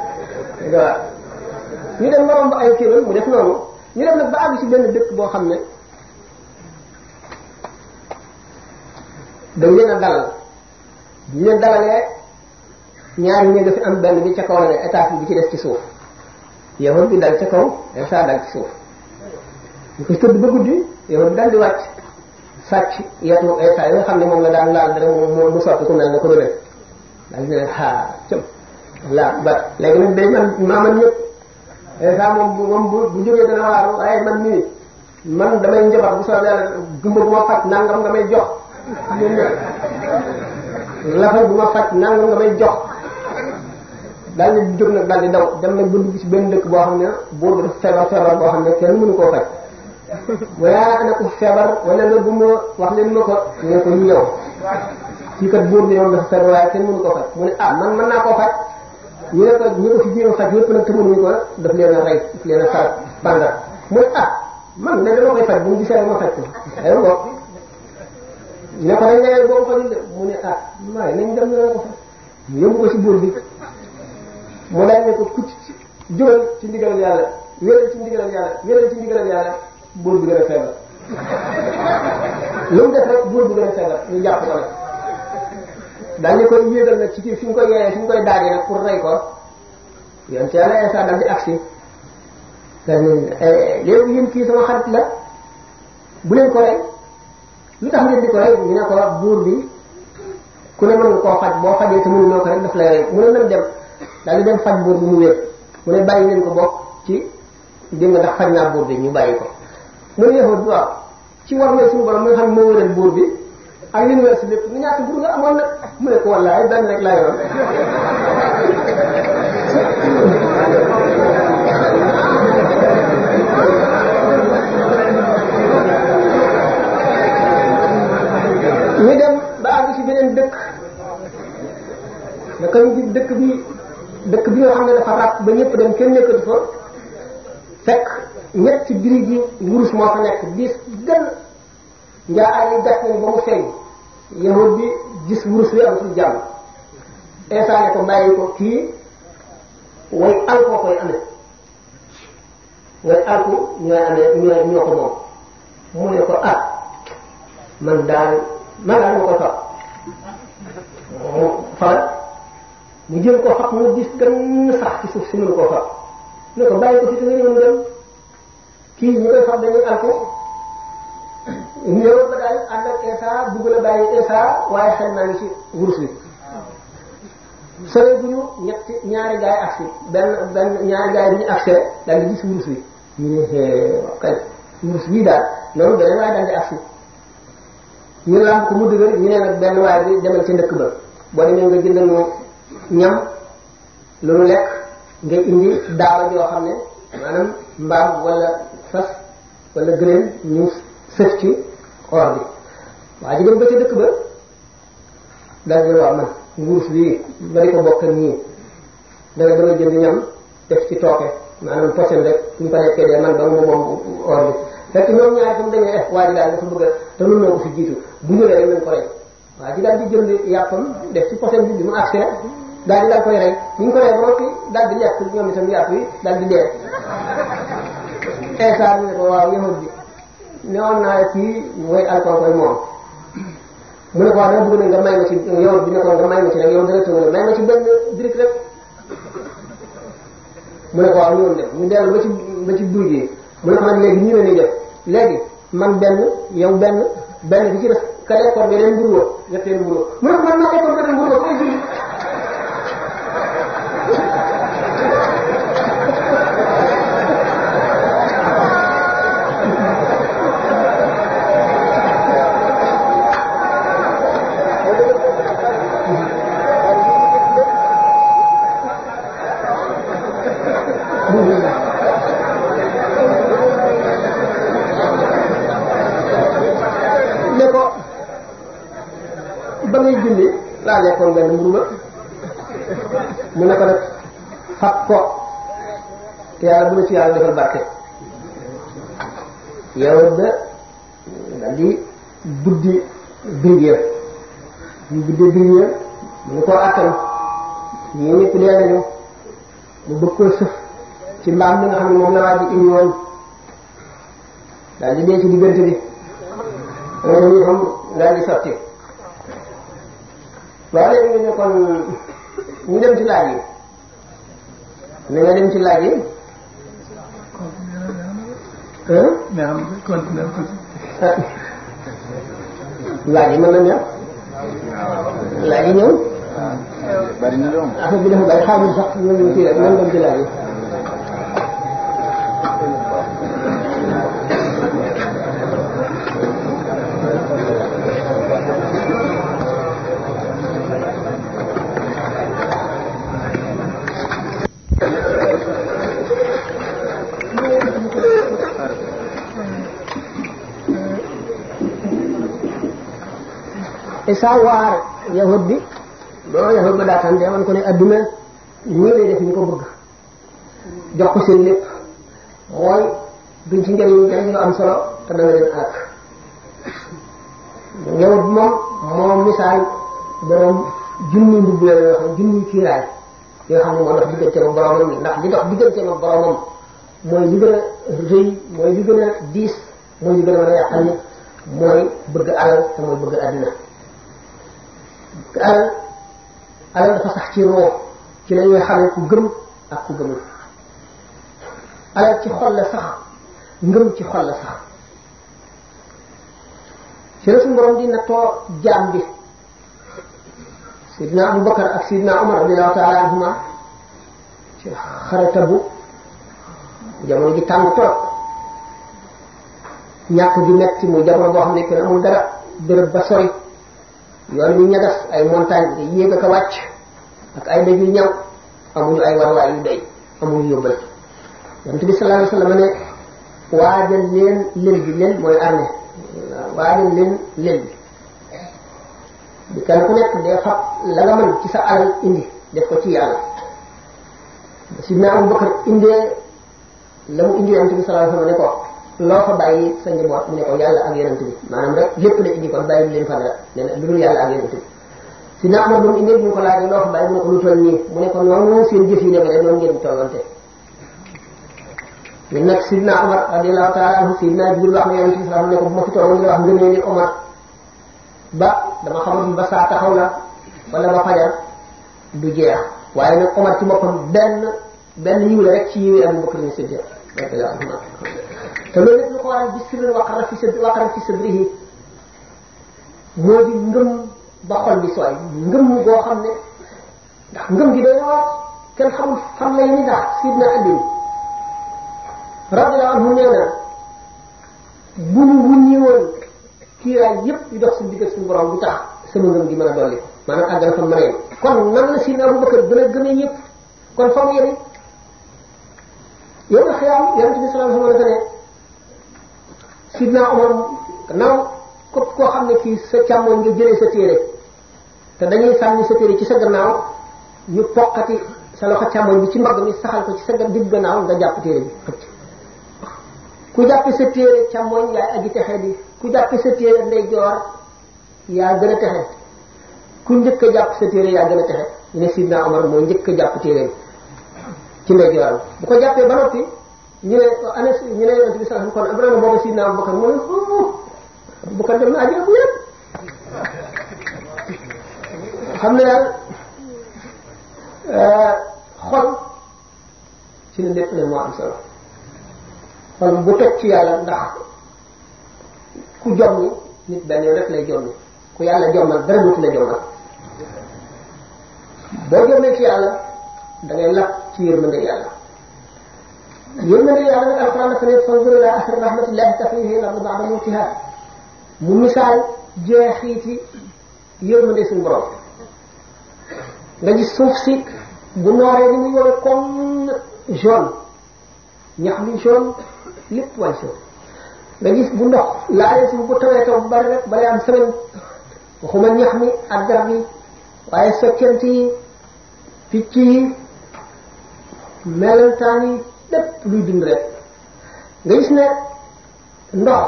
S1: nga waar ñu dem morom ba ay kéwél mu def boo xam ne ñaar ñi dafa am benn bi ca kaw la ne étape bi ci def ci suuf yahud bi dal ca kaw Isa dal ci suuf ñu koy tëdd ba guddi yahud bi dal di wàcc sàcc yetu Isa yi xam ne moom la daan laal dara mu mu sotti ku mel ne ko rëbël dal di ne xaar cëm laa ba léegi bu bu jógee dana waaru waaye man nii man damay njabar bu soobee yàlla gumba bu ma faj nangam nga may jox
S3: lafal bu
S1: ma faj nangam nga may jox daal di jóg nag daal di daw dem nañ ba dugg ci benn dëkk boo xam ne buur bi dafa feebar feebar boo xam ne kenn mënu koo faj mu yaakaar ne ku feebar wala nga bu ma wax leen ma ko ne ko ñëw ci kat buur bi moom dafa feebar waaye kenn mënu koo faj mu ne ah man mën naa koo faj ñu ne ko ñu ko fi jéem a faj yëpp nag te mënuñu ko daf leen a rey daf leen a faral bandar mu ne ah man ne dama koy faj bu mu gisee ma faj ko aywa boog ñu ne ko dañ lay boo ko fajul de mu ne ah waaye nañ dem ñu ne ko faj yóbbu ko ci buur bi. mu dajale ko ku ci jural ci ndigalal yàlla wéral ci ndigalal yàlla wéral ci ndigalal yàlla buur bi gën a feebar lu mu def rek buur bi gën a feebar ñu jàpp ko nag dañu koy yéegal nag ci kii fi ñu koy yeeyee fi ñu koy daajee nag pour rey ko yoon ci yàlla instant dal di agsi léegi eh, yéen kii sama xarit la bu leen ko rey lu tax ngeen di ko rey ñu ne ko buur bi ku ne mënul koo faj boo fajee te mënuloo ko rek daf lay rey mu ne nañ dem daal di dem faj buur bi mu wér mu ne bàyyi leen ko bokk ci dégg nga ndax faj naa buur bi ñu bàyyi ko. mu ne yëfat waaw ci war na suñu borom nag mu ne ko wallaay benn rek laa yoroon. dem ba àgg dëkk naka ñu gis dëkk bi. dëkk bi nga xam ne dafa ràpp ba ñëpp dem kenn nekkatu fa fekk ñetti birig yi wurus moo fa nekk bis gën njaa yi gas nañ ba mu feeñ yahut bi gis wurus wi amatul jàmm Isa ne ko bàyyi ko kii way alkoo koy amee way alku ñooy amee ñooy ñoo ko moom mu ne ko ah man daal man daal ma ko topp faral mu jël ko xaq mu gis gën sax ci suuf si mënu koo fab ne ko bàyyi ko ci suñu mën dem kii ñu koy fab dañuy alko ñëw Esa bugg la Esa waaye xel naa ngi wi sore bu ñu ñetti ñaari gaay agsi benn benn ñaari gaay bi ñu agsee daal di gis wurus wi ñu ne kay wurus bii daal di agsi ñu lamb ko mu dëgër ñu ne nag benn waaye bi demal ci ndëkk ba boo demee nga jëndal moo ñam lu mu lekk ngay indi daaba joo xam ne maanaam mbaam wala fas wala gëléem ñu sëf ci or waa ji ba ca dëkk ba daal di waa man nguus bi ba di ko bokk ak ñii danga dama jënd ñam def ci tooke maanaam posen rek ñu ko lekkee dee man ba mu moom or bi fekk ñaar fu mu dañee waa ji daal dafa bëgg a te mën noo ko fi jiitu bu ñëwee rek nañ ko rey waaw ji daal di jënd yàppam def ci potam bi bi di ko rey ba noppi daal di lekk ñoom mu ne ko waaw yahut bi newoon naa kii mooy alcool koy moom mu ne ko waaw dama bëgg nga may yow bi ne ko nga may ma ci rek yow directeur nga may ma ci benn direct rek. mu ne ko waaw ñoom def ñu dellu ba ci ba ci mu ne ko man léegi ñu ne ni def léegi man benn yow benn benn bi ci def. ka lekkoon beneen mburu ñetteelu mburu mu ne man ma lekkoon beneen mburu defal barke yow ba daal di buddi briguier ñu buddee briguier mu ngi koo attan ñii ñëpp dee nañu mu bëgg koo sëf ci mbaam mi nga xam ne moom la waa ji indi woon daal di dee ci diggante bi loolu ñu xam daal di sotti waaw léegi ñu ne kon ñu dem ci laaj yi na nga dem ci laaj yi
S3: mais am na continué ko ci.
S1: laaj yi mën nañu am. laaj yi ñëw. bari na
S2: lool. affaire bi dafa bari xaarul sax ñoom ñu kii rek nan la ñu ci laaj.
S1: Isaa waare yahud bi boo yahud ba daataan dee man ko ne adduna ñii def ñu ko bëgg jox ko seen mooy duñ ci njëriñ njëriñ lu am solo te dana leen moom moom misaal borom junni mbubb la yoo mooy li gën a rëy mooy li gën diis mooy li gën a mën a yàqal mooy bëgg alal te mooy bëgg àddina te alal alal dafa sax ci roo ci la ñuy xamee ku gëm ak ku alal ci xol la ci xol ci la borom di nattoo jaam bi Abu Bakar ak Seydina Umar radiyallahu ta'ala anhuma ci ji tàng torop ñàkk di metti muy jamono boo xam ne yoon yu ñagas ay montagne di yéeg ak a ak ay daj yu ñaw amuñu ay warwaay yu doy amuñu yóbbal yonent bi sallallahu alayhi wasallam leen lël bi lël mooy armée waajal leen lël bi kenn ku nekk day fab la ci sa alal indi def ko ci yàlla sidna Abu Bakar indee la mu indi yonent bi sallallahu alayhi wasallam ne ko loo ko bàyyi sa njaboot mu ne ko yàlla ak yonent bi maanaam rek lépp la indi kon bàyyi leen fa dara nee na lu si na amar ba mu indee bu ko laajee loo ko bàyyi mu ne ko lu toll nii mu ne ko noonu seen jëf yi ne rek noonu ngeen tollante ñun nag sidna Omar radiyallahu taala anhu wax na yonent bi salaam ne ko bu ma fi toogoon nga wax ngënee ni Omar ba dama xamoon ba saa taxaw la ba fajar du jeex waaye nag Omar ci boppam benn benn yiw rek ci yiw yi Abu Bakr ni Siddiq radiyallahu te loolu yëpp lu ko waral bi sirr waqara fi sadri waqara fi sadrihi moo di ngëm ba xol bi sooy ngëm boo xam ne ndax ngëm gi day wax kenn xamul fan lay ni ndax sidna Ali radiyallahu anhu nee na bu ñu wuññi woon kiiraay yëpp yu dox suñu diggal suñu borom bu tax sama ngëm gi mën a dolli maanaam àgg na fa mën kon nan la sidna Abubakar gën a gëmee yëpp kon fa mu yëre yow na xiyam yonente bi sallallahu alayhi wa sallam sidna Omar gannaaw képp koo xam ne ci sa càmmoñ nga jëlee sa téere te dañuy sànni sa téere ci sa gannaaw ñu poqati sa loxo càmmoñ bi ci mbagg mi saxal ko ci sa digg gannaaw nga jàpp téere bi ku jàppe sa téere càmmoñ yaay bi ku jàppe sa téere ndeyjoor yaa gën a texe ku njëkk a jàpp sa téere yaa gën a texe ñu ne sidna Omar mooy njëkk jàpp téere bi ci ndeyjooram bu ko jàppee ba noppi ñu ne ko ana si ñu ne yonent bi sallallahu alayhi wasallam kon am na nga boobu Sidna mu ne Abubakar dem bu yëpp xam ne daal eh, xol ci la lépp ne moo am solo xol bu teg ci yàlla ku jommi nit benn yoon rek lay jommi ku yàlla jommal dara dootu la jommal boo jommee ci yàlla da ngay lap ci yërmande yàlla yónnee yàlla nag alxuraan dafa ne fanzur ila athari rahmatillahi tafihi lardu ba'da mawtiha mu misaal jeexiiti yërmande suñu borom nga gis suuf si bu nooree ni muy woowee comme jaune ñax mi jaune lépp waay jaune nga gis bu ndox laalee suuf bu tawee taw bu bari rek balaa am semaine waxuma ñax mi ak garab yi waaye soccant yi picc yi melentaan yi lépp luy dund rek nga gis ne ndox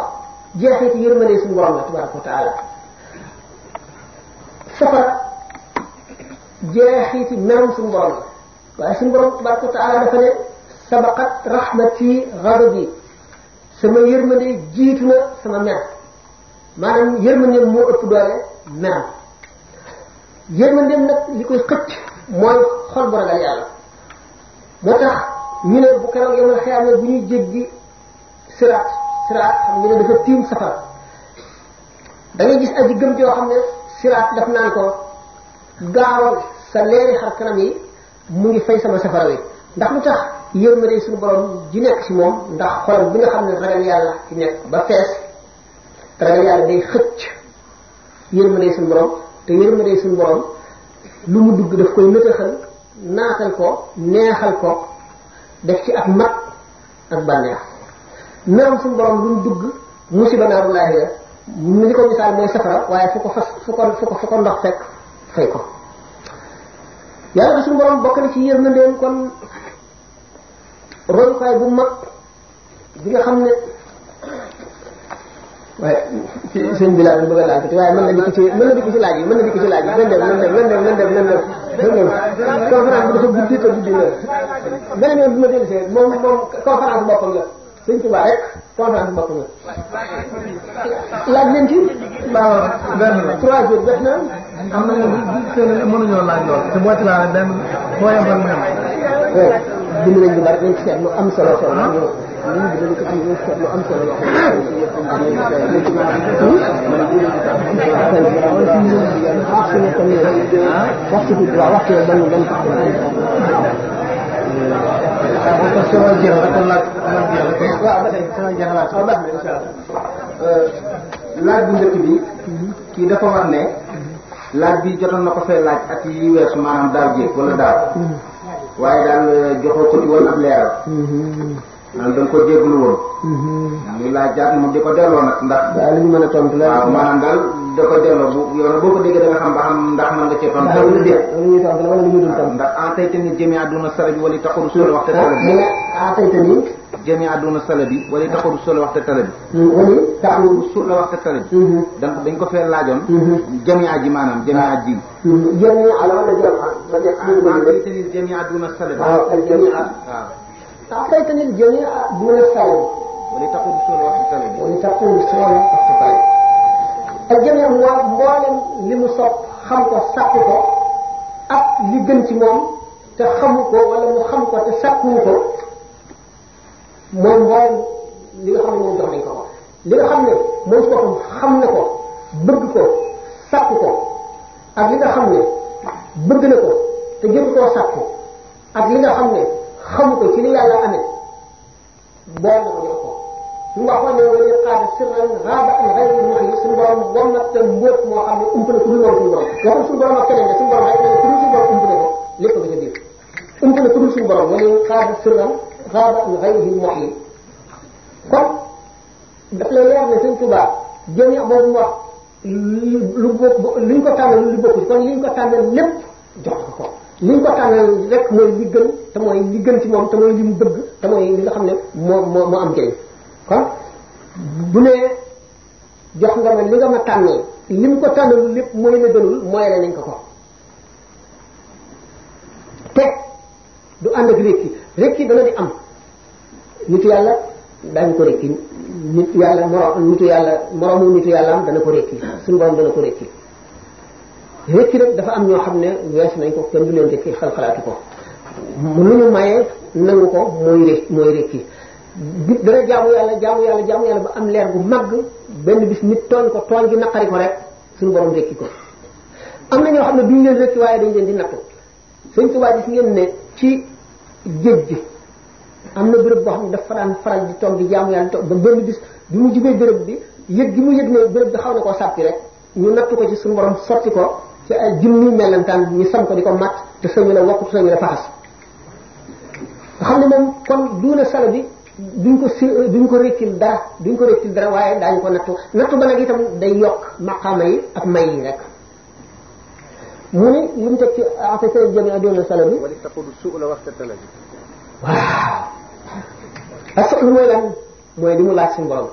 S1: jeexit yërmande suñu borom la tabaraka wa taala safara jeexiti merum suñu borom la waaye suñu borom tabaraka wa taala dafa ne sabaqat rahmati ghadabi sama yërmande jiitu na sama mer maanaam yërmande moo ëpp doole meram yërmande nag li koy xëcc mooy xol bu ragal yàlla moo tax ñu ne bu keroog yomal xiyaamee bu ñuy jéggi siraat siraat xam ne dafa tiim safara da ngay gis aji gëm joo xam ne siraat daf naan ko gaawal sa leeri xar kanam yi mu ngi fay sama safara ndax lu tax yërmande suñu borom ji nekk ci moom ndax xolam bi nga xam ne ragal yàlla ba fees ragal yàlla day xëcc yërmande suñu borom te yërmande suñu borom lu mu dugg daf koy nëtëxal naatal ko neexal ko def ci ak mat ak bànneex merum suñu borom lu mu dugg musiba naaru la mu li ko misaal mooy safara waaye fu ko fas fu ko fu ko fu ndox fekk fay ko yàlla bi borom bokk na ci yërmandeem kon royukaay bu mag bi nga xam ne waaye ci sëñ bi laa doon bëgg a laaj waaye mën na dikk ci mën na dikk ci laaj yi mën na dikk ci laaj yi mën dem mën dem mën dem mën dem mën dem mën dem conférence bi dafa guddi te guddi na beneen yoon bi ma dellusee moom moom conférence boppam la sëñ Tuubaa rek conférence boppam
S3: la laaj leen ci waaw benn la
S1: trois jours def na am na ñoo mënuñoo laaj lool te boo ci laaj benn boo yemal mu yem waaw bind nañ bu bari nañ ci seet lu am solo solo ah. laaj
S2: bu njëkk bi kii dafa wax ne laaj bi jotoon na ko fee laaj at yi weesu maanaam daaw jéeg wala daaw mm-hmm. waaye daal eh, joxoo ko ci woon ab leeral mm-hmm. naan da nga ko jégalu woon. Mhm. yaa ngi laajaat mu di ko delloo nag ndax. daal li ñu mën a tontu la. waaw maanaam daal da ko delloo bu yow nag boo ko déggee da nga xam ba xam ndax mën nga cee tontu. ndax lu ñuy tontu la wala lu ñuy dul tontu. ndax en tey tamit jëmee àdduna sala bi wala taxul solo waxte tala ah, bi. ah tey tamit. jëmee àdduna sala bi wala taxul solo waxte tala bi. Hmm, wala taxul solo waxte tala bi. Hmm. donc dañ ko fee laajoon. Hmm. jëmee aji maanaam jëmee aji. Ah. jëmee ala wala jëmee. ba tey tamit jëmee àdduna sala bi. waaw ah,
S1: أعطيتني الجميع دون الثاني ولتقول سورة واحدة ولتقول سورة الصفات الجميع هو مولم لمصاب خمكو ساقكو ak li gën ci moom te xamu ko wala mu xam ko te sakkuwu ko moom mboolem li nga xam ne moom jox nañ ko ko li nga xam ne moom ci boppam xam na ko bëgg ko sakku ko ak li nga xam ne bëgg na ko te jëm koo sakku ak li nga xam ne xamu ko ci li yàlla amee boole ko jox ko su ma waxoon ne wala xaar sirran raaba an xayri muxyi suñu borom bon nag te mbóot moo xam ne ump na ku dul woon suñu borom waxul suñu borom ak keneen ne suñu borom rek ne ku dul suñu borom ump na ko lépp nga ca biir ump na ku dul suñu borom wala xaar sirran raaba an xayri muxyi kon daf lay leer ne Sëñ Tuubaa jëmee boobu mu wax lu liñ ko tànnal rek mooy li te mooy li ci moom te mooy li mu bëgg te mooy li nga xam ne moo moo am njëriñ kon bu ne jox nga ma li nga ma tànnee li ko tànnal lépp mooy la gënul mooy la nañ ko ko te du ànd ak rékki rékki dana di am nitu yàlla daañu ko rékki nit yàlla moroom nitu yàlla moroomu nitu yàlla am dana ko rékki suñu borom dana ko rékki rëcc rek dafa am ñoo xam ne wees nañ ko kenn du leen rëcc xal-xalaatu ko lu ñu maye nangu ko mooy rëcc mooy rëcc bit dana jaamu yàlla jaamu yàlla ba am leer gu màgg benn bis nit tooñ ko tooñ gi naqari ko rek suñu borom rëcc ko am na ñoo xam ne duñu leen rëcc waaye dañ leen di nattu sëñ Tuubaa gis ngeen ne ci géej gi am na béréb boo xam ne dafa daan faral di toog bi jaamu yàlla toog ba benn bis bi mu jubee béréb bi yëg gi mu yëg ne béréb bi xaw na ko sàppi rek ñu nattu ko ci suñu borom sotti ko ci ay jëmmi melentaan ñu sam ko di ko mat te sañu la wokk te sañu la faxas nga xam ne moom kon duuna sala bi duñ ko si duñ ko rëccil dara duñ ko rëccil dara waaye daañu ko nattu nattu ba nag itam day yokk maqaama yi ak may yi rek mu ne li mu teg ci affaire jëmee ak duuna sala bi. wala taxul waxta tala bi. waaw. ak suul mooy lan mooy li mu laaj suñu borom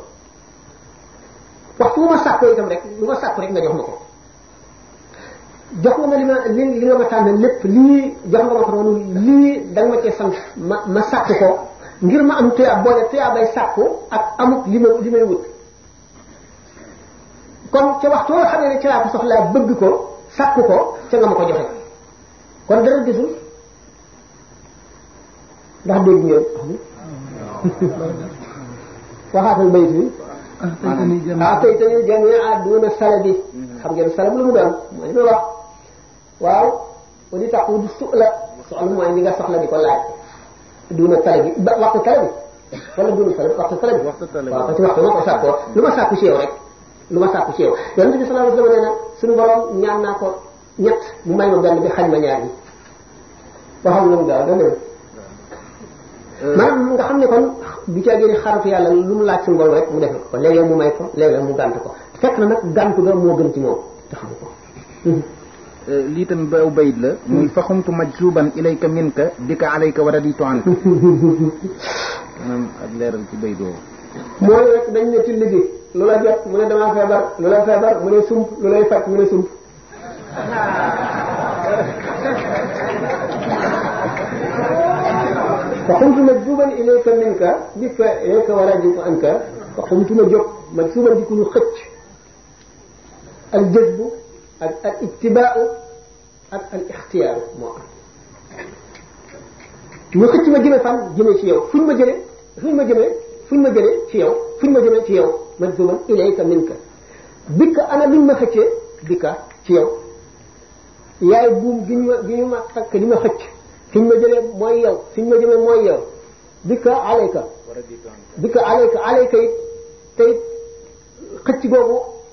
S1: waxtu bu ma sàkkoo itam rek lu ma sàkku rek nga jox jox ma li ma li nga ma tànn lépp lii jox nga ma ko noonu lii ma cee sant ma ma ngir ma am tuyaa boole tuyaa bay sàkku ak li ma kon ca waxtu nga xam ne ci laa ko bëgg ko sàkku ko ca nga ma ko joxe kon dara gisul ndax dégg ngeen waxaatal bayit bi ah tey tamit a duna salabi xam ngeen salab lu mu doon waaw wa di taxu di suxla soxla mooy li nga soxla di ko laaj duuna tale bi ba waxtu tale bi wala duuna tale bi waxtu tale bi waaw parce que waxtu ma ko sàkkoo lu ma sàkku ci yow rek lu ma sàkku ci yow yonent bi sallallahu alayhi wa sallam nee na suñu borom ñaan naa ko ñett mu may ma benn bi xañ ma ñaar yi waxam lu mu gaaw euh. ne kon du caa génne xaratu yàlla lu mu laaj suñu borom rek mu def ko léeg-léeg mu may ko léeg-léeg mu gànt ko fekk na
S2: nag gàntu ga moo gën ci moom ko Euh, lii tamit ba aw bayit la muy hmm. faxumtu majzuban ilayka minka dika alayka wa raditu anka maanaam ak leeral ci bayit woowu
S1: mooy rek dañ ne ci liggéey lu la jot mu ne damaa feebar lu la feebar mu ne sump lu lay faj mu ne sump faxumtu majzuban ilayka minka dika alayka wa raditu anka faxumtu ma jóg majzuban di ku ñu xëcc ak jëg bu ak al ittibaaru al ixtiyaaru moo am ñu xëcc ma jëme fan jëme ci yow fuñ ma jële fuñ ma jëme fuñ ma jële ci yow fuñ ma ci yow madzuman ilayka minka dikka ana luñ ma xëccee dikka ci yow yaay buum gi ñu ma gi ñu ma takk li ma xëcc fiñ ma jëlee mooy yow fiñ ma jëmee mooy yow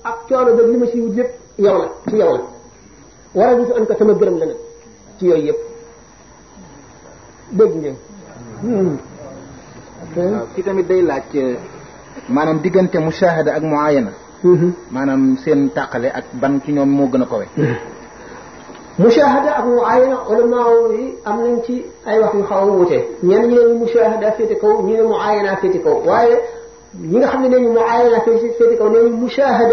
S1: ak coono ba li ma siy yëpp yow la ci yow la war a an ko sama gërëm
S2: yooyu yëpp dégg hmm. ah, tamit day laaj eh, maanaam diggante mushahada ak muayana hmm. maanaam seen tàqale ak ban ci ñoom moo gën a kowe hmm.
S1: mushahada ak muayana ulama am nañ ci ay wax yu xaw a wute ñenn ñi ne mushahada féete kaw ñi ne muayana féete kaw waaye ne ñu muayana